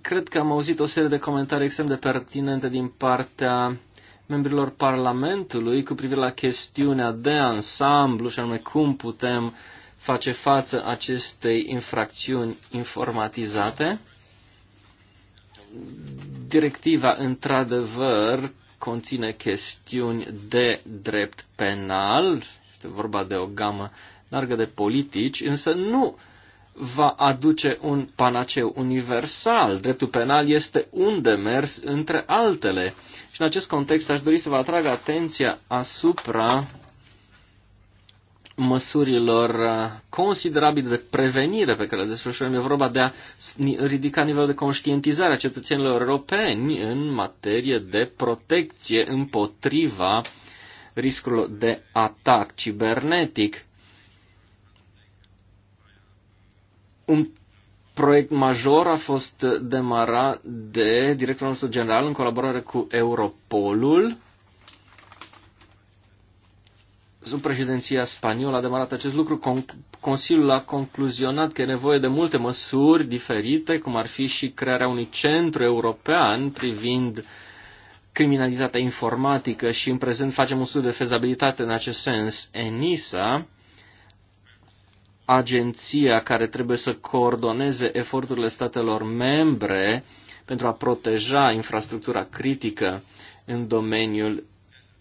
Cred că am auzit o serie de comentarii extrem de pertinente din partea membrilor Parlamentului cu privire la chestiunea de ansamblu și anume cum putem face față acestei infracțiuni informatizate. Directiva, într-adevăr, conține chestiuni de drept penal, este vorba de o gamă largă de politici, însă nu va aduce un panaceu universal. Dreptul penal este un demers între altele. Și în acest context aș dori să vă atrag atenția asupra măsurilor uh, considerabile de prevenire pe care le desfășurăm. E vorba de a ridica nivelul de conștientizare a cetățenilor europeni în materie de protecție împotriva riscului de atac cibernetic. Un proiect major a fost demarat de directorul nostru general în colaborare cu Europolul. Sub președinția spaniolă a demarat acest lucru. Consiliul a concluzionat că e nevoie de multe măsuri diferite, cum ar fi și crearea unui centru european privind criminalitatea informatică și în prezent facem un studiu de fezabilitate în acest sens, ENISA, agenția care trebuie să coordoneze eforturile statelor membre pentru a proteja infrastructura critică în domeniul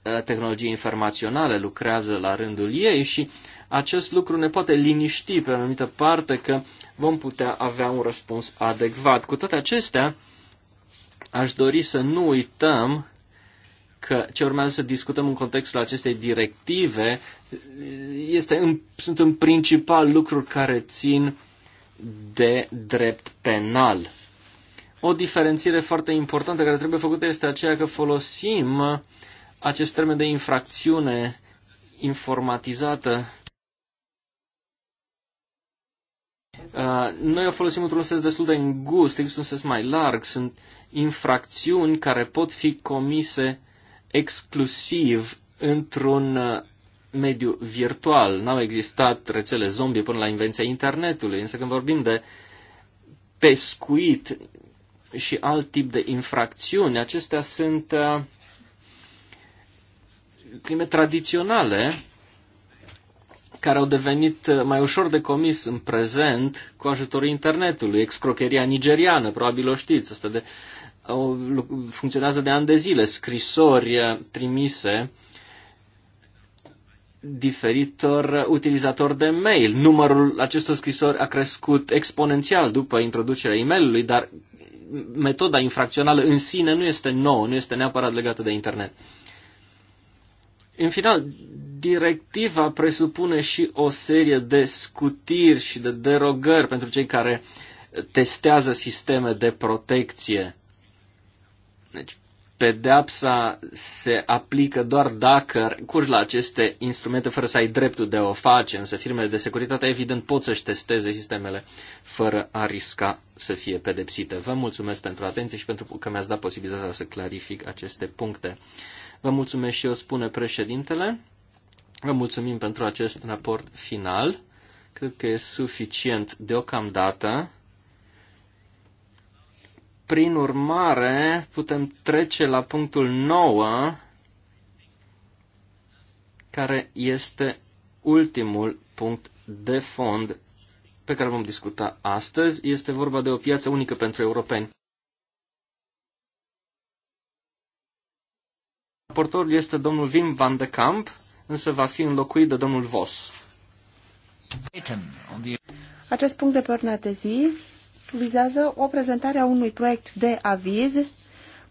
uh, tehnologiei informaționale, lucrează la rândul ei și acest lucru ne poate liniști pe anumită parte că vom putea avea un răspuns adecvat. Cu toate acestea, aș dori să nu uităm că ce urmează să discutăm în contextul acestei directive este în, sunt în principal lucruri care țin de drept penal. O diferențiere foarte importantă care trebuie făcută este aceea că folosim acest termen de infracțiune informatizată. Uh, noi o folosim într-un sens destul de îngust, există un sens mai larg. Sunt infracțiuni care pot fi comise exclusiv într-un uh, mediu virtual. N-au existat rețele zombie până la invenția internetului, însă când vorbim de pescuit și alt tip de infracțiuni, acestea sunt uh, crime tradiționale care au devenit uh, mai ușor de comis în prezent cu ajutorul internetului. Excrocheria nigeriană, probabil o știți, asta de funcționează de ani de zile, scrisori eh, trimise diferitor utilizatori de mail. Numărul acestor scrisori a crescut exponențial după introducerea e mail dar metoda infracțională în sine nu este nouă, nu este neapărat legată de internet. În final, directiva presupune și o serie de scutiri și de derogări pentru cei care testează sisteme de protecție deci, pedeapsa se aplică doar dacă recurgi la aceste instrumente fără să ai dreptul de a o face, însă firmele de securitate evident pot să-și testeze sistemele fără a risca să fie pedepsite. Vă mulțumesc pentru atenție și pentru că mi-ați dat posibilitatea să clarific aceste puncte. Vă mulțumesc și eu, spune președintele. Vă mulțumim pentru acest raport final. Cred că e suficient deocamdată. Prin urmare, putem trece la punctul 9, care este ultimul punct de fond pe care vom discuta astăzi. Este vorba de o piață unică pentru europeni. Raportorul este domnul Wim van de Kamp, însă va fi înlocuit de domnul Vos. Acest punct de pe de zi vizează o prezentare a unui proiect de aviz,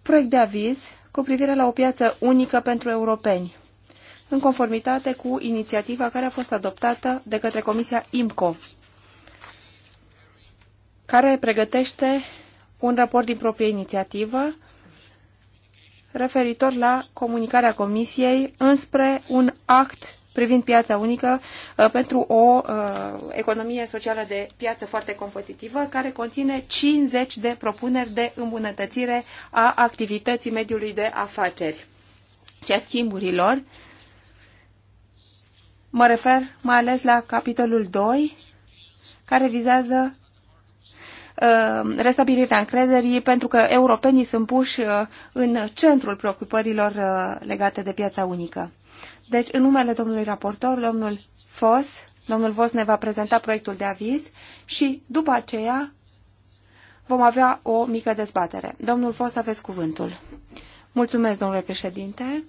proiect de aviz cu privire la o piață unică pentru europeni, în conformitate cu inițiativa care a fost adoptată de către Comisia IMCO, care pregătește un raport din proprie inițiativă referitor la comunicarea Comisiei înspre un act privind piața unică uh, pentru o uh, economie socială de piață foarte competitivă, care conține 50 de propuneri de îmbunătățire a activității mediului de afaceri și a schimburilor. Mă refer mai ales la capitolul 2, care vizează uh, restabilirea încrederii, pentru că europenii sunt puși în centrul preocupărilor legate de piața unică. Deci, în numele domnului raportor, domnul Fos, domnul Vos ne va prezenta proiectul de aviz și, după aceea, vom avea o mică dezbatere. Domnul Fos, aveți cuvântul. Mulțumesc, domnule președinte.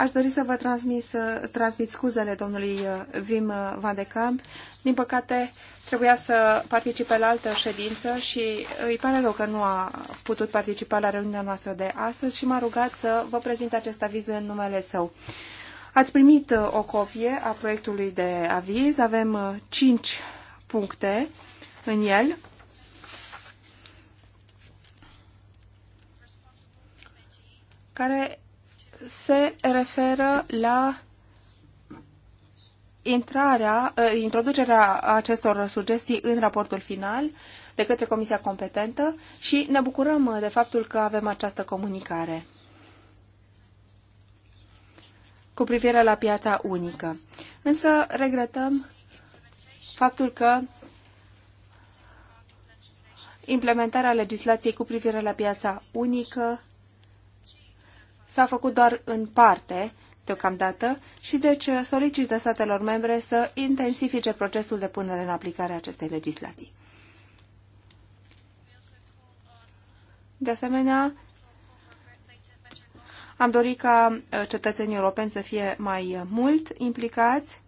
Aș dori să vă transmis, transmit scuzele domnului Vim uh, uh, Van de Camp. Din păcate, trebuia să participe la altă ședință și uh, îi pare rău că nu a putut participa la reuniunea noastră de astăzi și m-a rugat să vă prezint acest aviz în numele său. Ați primit o copie a proiectului de aviz. Avem 5 puncte în el. care se referă la intrarea, eh, introducerea acestor sugestii în raportul final de către Comisia Competentă și ne bucurăm eh, de faptul că avem această comunicare cu privire la piața unică. Însă regretăm faptul că implementarea legislației cu privire la piața unică s-a făcut doar în parte deocamdată și deci solicită statelor membre să intensifice procesul de punere în aplicare a acestei legislații. De asemenea, am dorit ca uh, cetățenii europeni să fie mai uh, mult implicați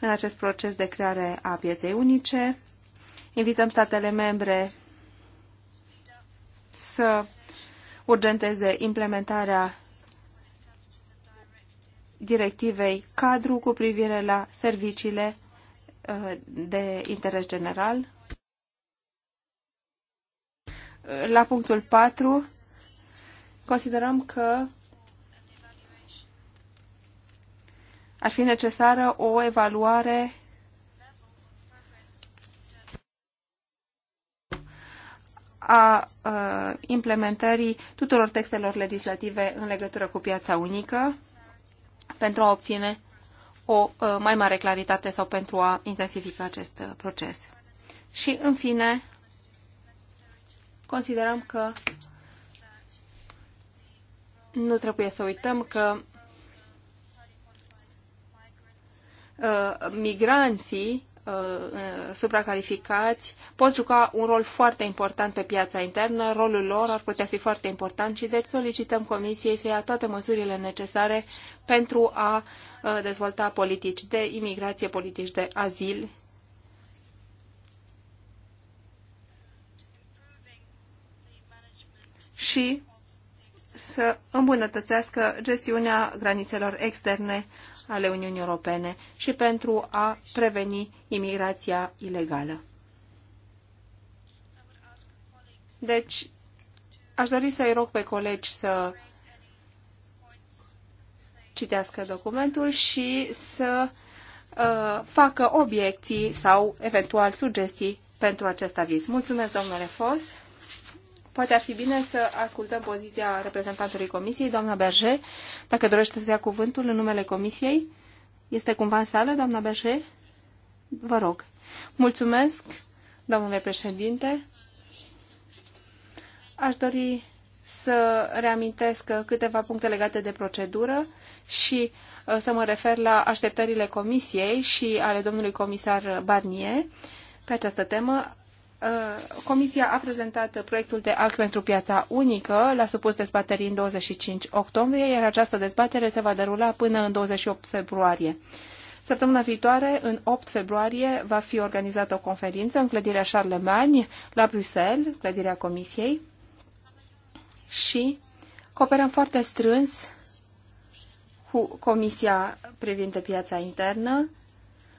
în acest proces de creare a pieței unice. Invităm statele membre să urgenteze implementarea directivei cadru cu privire la serviciile uh, de interes general. Uh, la punctul 4 considerăm că ar fi necesară o evaluare a implementării tuturor textelor legislative în legătură cu piața unică pentru a obține o mai mare claritate sau pentru a intensifica acest proces. Și, în fine, considerăm că nu trebuie să uităm că migranții Uh, supracalificați pot juca un rol foarte important pe piața internă, rolul lor ar putea fi foarte important și deci solicităm Comisiei să ia toate măsurile necesare pentru a uh, dezvolta politici de imigrație, politici de azil și să îmbunătățească gestiunea granițelor externe ale Uniunii Europene și pentru a preveni imigrația ilegală. Deci, aș dori să-i rog pe colegi să citească documentul și să uh, facă obiecții sau eventual sugestii pentru acest aviz. Mulțumesc, domnule Fos. Poate ar fi bine să ascultăm poziția reprezentantului Comisiei, doamna Berger, dacă dorește să ia cuvântul în numele Comisiei. Este cumva în sală, doamna Berger? Vă rog. Mulțumesc, domnule președinte. Aș dori să reamintesc câteva puncte legate de procedură și uh, să mă refer la așteptările Comisiei și ale domnului comisar Barnier pe această temă. Uh, Comisia a prezentat proiectul de act pentru piața unică, l-a supus dezbaterii în 25 octombrie, iar această dezbatere se va derula până în 28 februarie. Săptămâna viitoare, în 8 februarie, va fi organizată o conferință în clădirea Charlemagne, la Bruxelles, clădirea Comisiei, și cooperăm foarte strâns cu Comisia privind piața internă,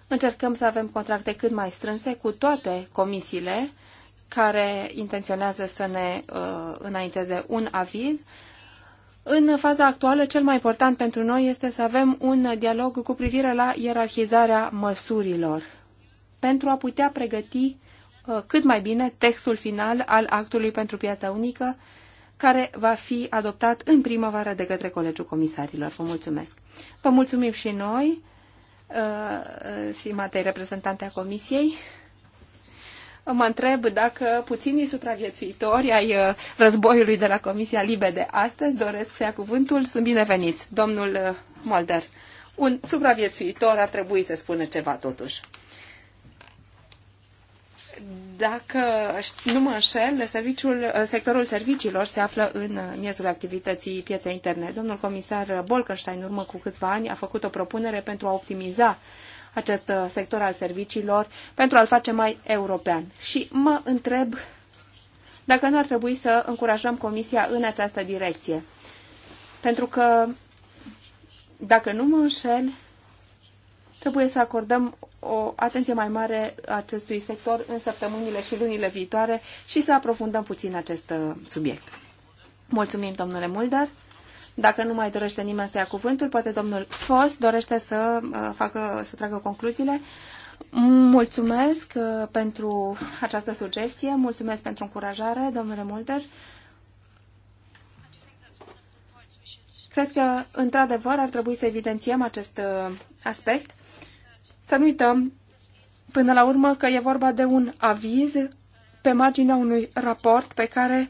Încercăm să avem contracte cât mai strânse cu toate comisiile care intenționează să ne uh, înainteze un aviz. În faza actuală, cel mai important pentru noi este să avem un dialog cu privire la ierarhizarea măsurilor pentru a putea pregăti uh, cât mai bine textul final al actului pentru piața unică, care va fi adoptat în primăvară de către Colegiul Comisarilor. Vă mulțumesc! Vă mulțumim și noi! Uh, stimatei reprezentante a Comisiei. Mă întreb dacă puținii supraviețuitori ai uh, războiului de la Comisia Libe de astăzi doresc să ia cuvântul, sunt bineveniți. Domnul uh, Molder, un supraviețuitor ar trebui să spună ceva totuși. Dacă nu mă înșel, serviciul, ă, sectorul serviciilor se află în ă, miezul activității pieței interne. Domnul comisar Bolkenstein, în urmă cu câțiva ani, a făcut o propunere pentru a optimiza acest ă, sector al serviciilor, pentru a-l face mai european. Și mă întreb dacă nu ar trebui să încurajăm Comisia în această direcție. Pentru că, dacă nu mă înșel, Trebuie să acordăm o atenție mai mare acestui sector în săptămânile și lunile viitoare și să aprofundăm puțin acest uh, subiect. Mulțumim, domnule Mulder. Dacă nu mai dorește nimeni să ia cuvântul, poate domnul Fos dorește să, uh, facă, să tragă concluziile. Mulțumesc uh, pentru această sugestie, mulțumesc pentru încurajare, domnule Mulder. Cred că, într-adevăr, ar trebui să evidențiem acest aspect să nu uităm, până la urmă, că e vorba de un aviz pe marginea unui raport pe care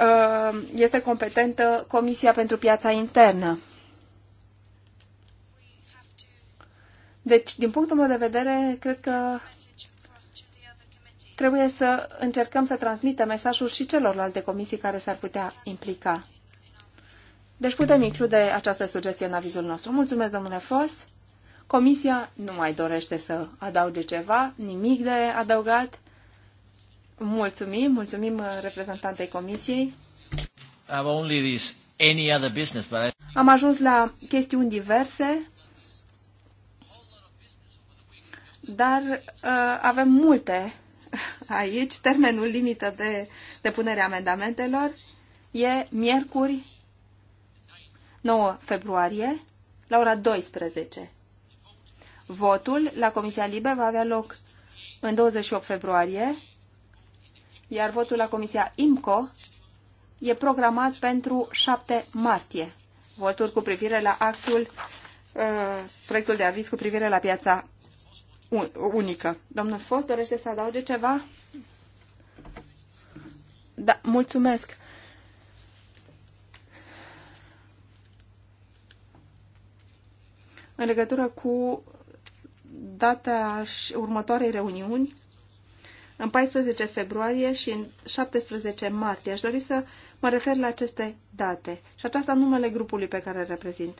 uh, este competentă Comisia pentru Piața Internă. Deci, din punctul meu de vedere, cred că trebuie să încercăm să transmitem mesajul și celorlalte comisii care s-ar putea implica. Deci putem include această sugestie în avizul nostru. Mulțumesc, domnule Fos. Comisia nu mai dorește să adauge ceva, nimic de adăugat. Mulțumim, mulțumim uh, reprezentantei Comisiei. This, business, I... Am ajuns la chestiuni diverse, dar uh, avem multe aici. Termenul limită de depunere amendamentelor e miercuri 9 februarie la ora 12. Votul la Comisia Libe va avea loc în 28 februarie, iar votul la Comisia IMCO e programat pentru 7 martie. Votul cu privire la actul, ă, proiectul de aviz cu privire la piața unică. Domnul Fost dorește să adauge ceva? Da, mulțumesc. În legătură cu data următoarei reuniuni, în 14 februarie și în 17 martie. Aș dori să mă refer la aceste date și aceasta numele grupului pe care îl reprezint.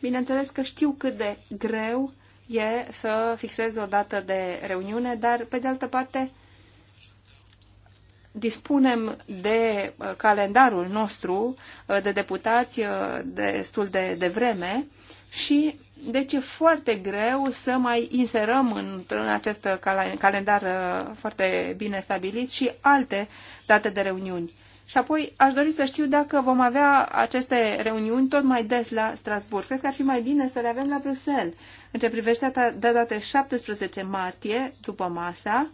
Bineînțeles că știu cât de greu e să fixez o dată de reuniune, dar pe de altă parte dispunem de uh, calendarul nostru uh, de deputați uh, destul de, de vreme și deci e foarte greu să mai inserăm în, în acest calendar uh, foarte bine stabilit și alte date de reuniuni. Și apoi aș dori să știu dacă vom avea aceste reuniuni tot mai des la Strasburg. Cred că ar fi mai bine să le avem la Bruxelles. În ce privește data de 17 martie, după masa,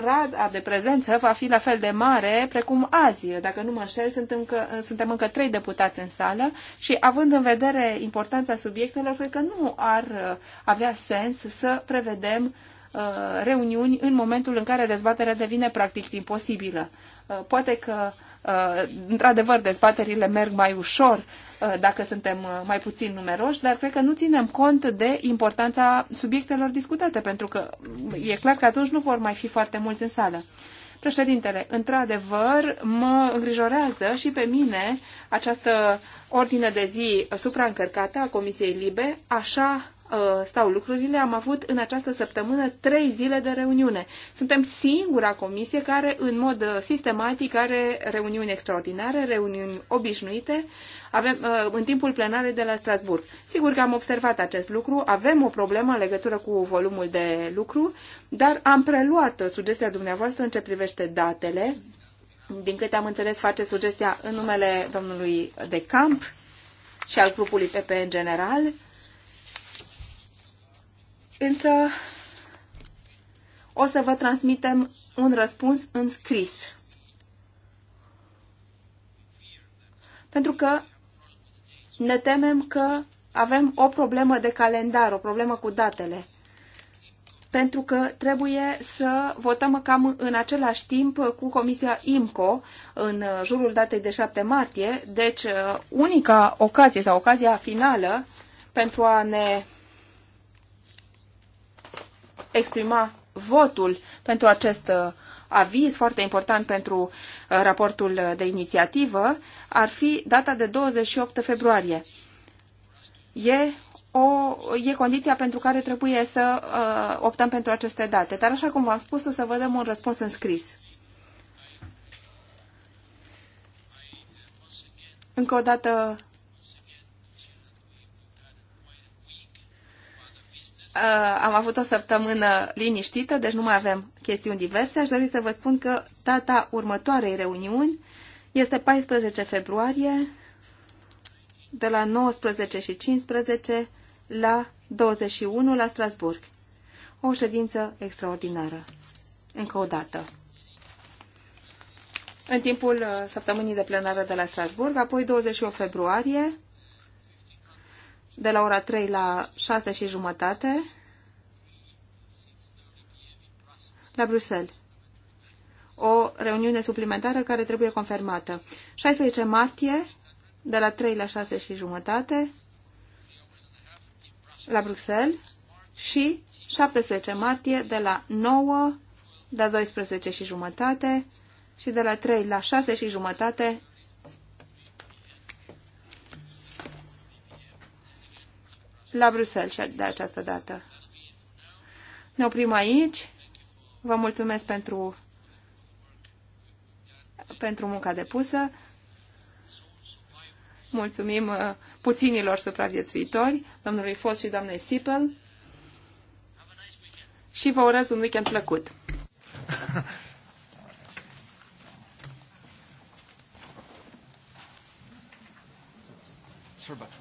rada de prezență va fi la fel de mare precum azi. Dacă nu mă înșel, sunt încă, suntem încă trei deputați în sală și având în vedere importanța subiectelor, cred că nu ar uh, avea sens să prevedem uh, reuniuni în momentul în care dezbaterea devine practic imposibilă. Uh, poate că uh, Uh, într-adevăr, dezbaterile merg mai ușor uh, dacă suntem uh, mai puțin numeroși, dar cred că nu ținem cont de importanța subiectelor discutate, pentru că e clar că atunci nu vor mai fi foarte mulți în sală. Președintele, într-adevăr, mă îngrijorează și pe mine această ordine de zi supraîncărcată a Comisiei Libe, așa Uh, stau lucrurile, am avut în această săptămână trei zile de reuniune. Suntem singura comisie care, în mod uh, sistematic, are reuniuni extraordinare, reuniuni obișnuite, avem, uh, în timpul plenarei de la Strasburg. Sigur că am observat acest lucru, avem o problemă în legătură cu volumul de lucru, dar am preluat sugestia dumneavoastră în ce privește datele. Din câte am înțeles, face sugestia în numele domnului de camp și al grupului PP în general Însă o să vă transmitem un răspuns în scris. Pentru că ne temem că avem o problemă de calendar, o problemă cu datele. Pentru că trebuie să votăm cam în același timp cu Comisia IMCO în jurul datei de 7 martie. Deci, unica ocazie sau ocazia finală pentru a ne exprima votul pentru acest uh, aviz foarte important pentru uh, raportul de inițiativă ar fi data de 28 februarie. E o, e condiția pentru care trebuie să uh, optăm pentru aceste date. Dar așa cum v-am spus, o să vă dăm un răspuns în scris. Încă o dată Uh, am avut o săptămână liniștită, deci nu mai avem chestiuni diverse. Aș dori să vă spun că data următoarei reuniuni este 14 februarie de la 19 și 15 la 21 la Strasburg. O ședință extraordinară. Încă o dată. În timpul uh, săptămânii de plenară de la Strasburg, apoi 28 februarie, de la ora 3 la 6 și jumătate la Bruxelles. O reuniune suplimentară care trebuie confirmată. 16 martie, de la 3 la 6 și jumătate, la Bruxelles și 17 martie, de la 9 la 12 și jumătate și de la 3 la 6 și jumătate la Bruxelles de această dată. Ne oprim aici. Vă mulțumesc pentru, pentru munca depusă. Mulțumim uh, puținilor supraviețuitori, domnului Fos și doamnei Sipel. Și vă urez un weekend plăcut. Sure, but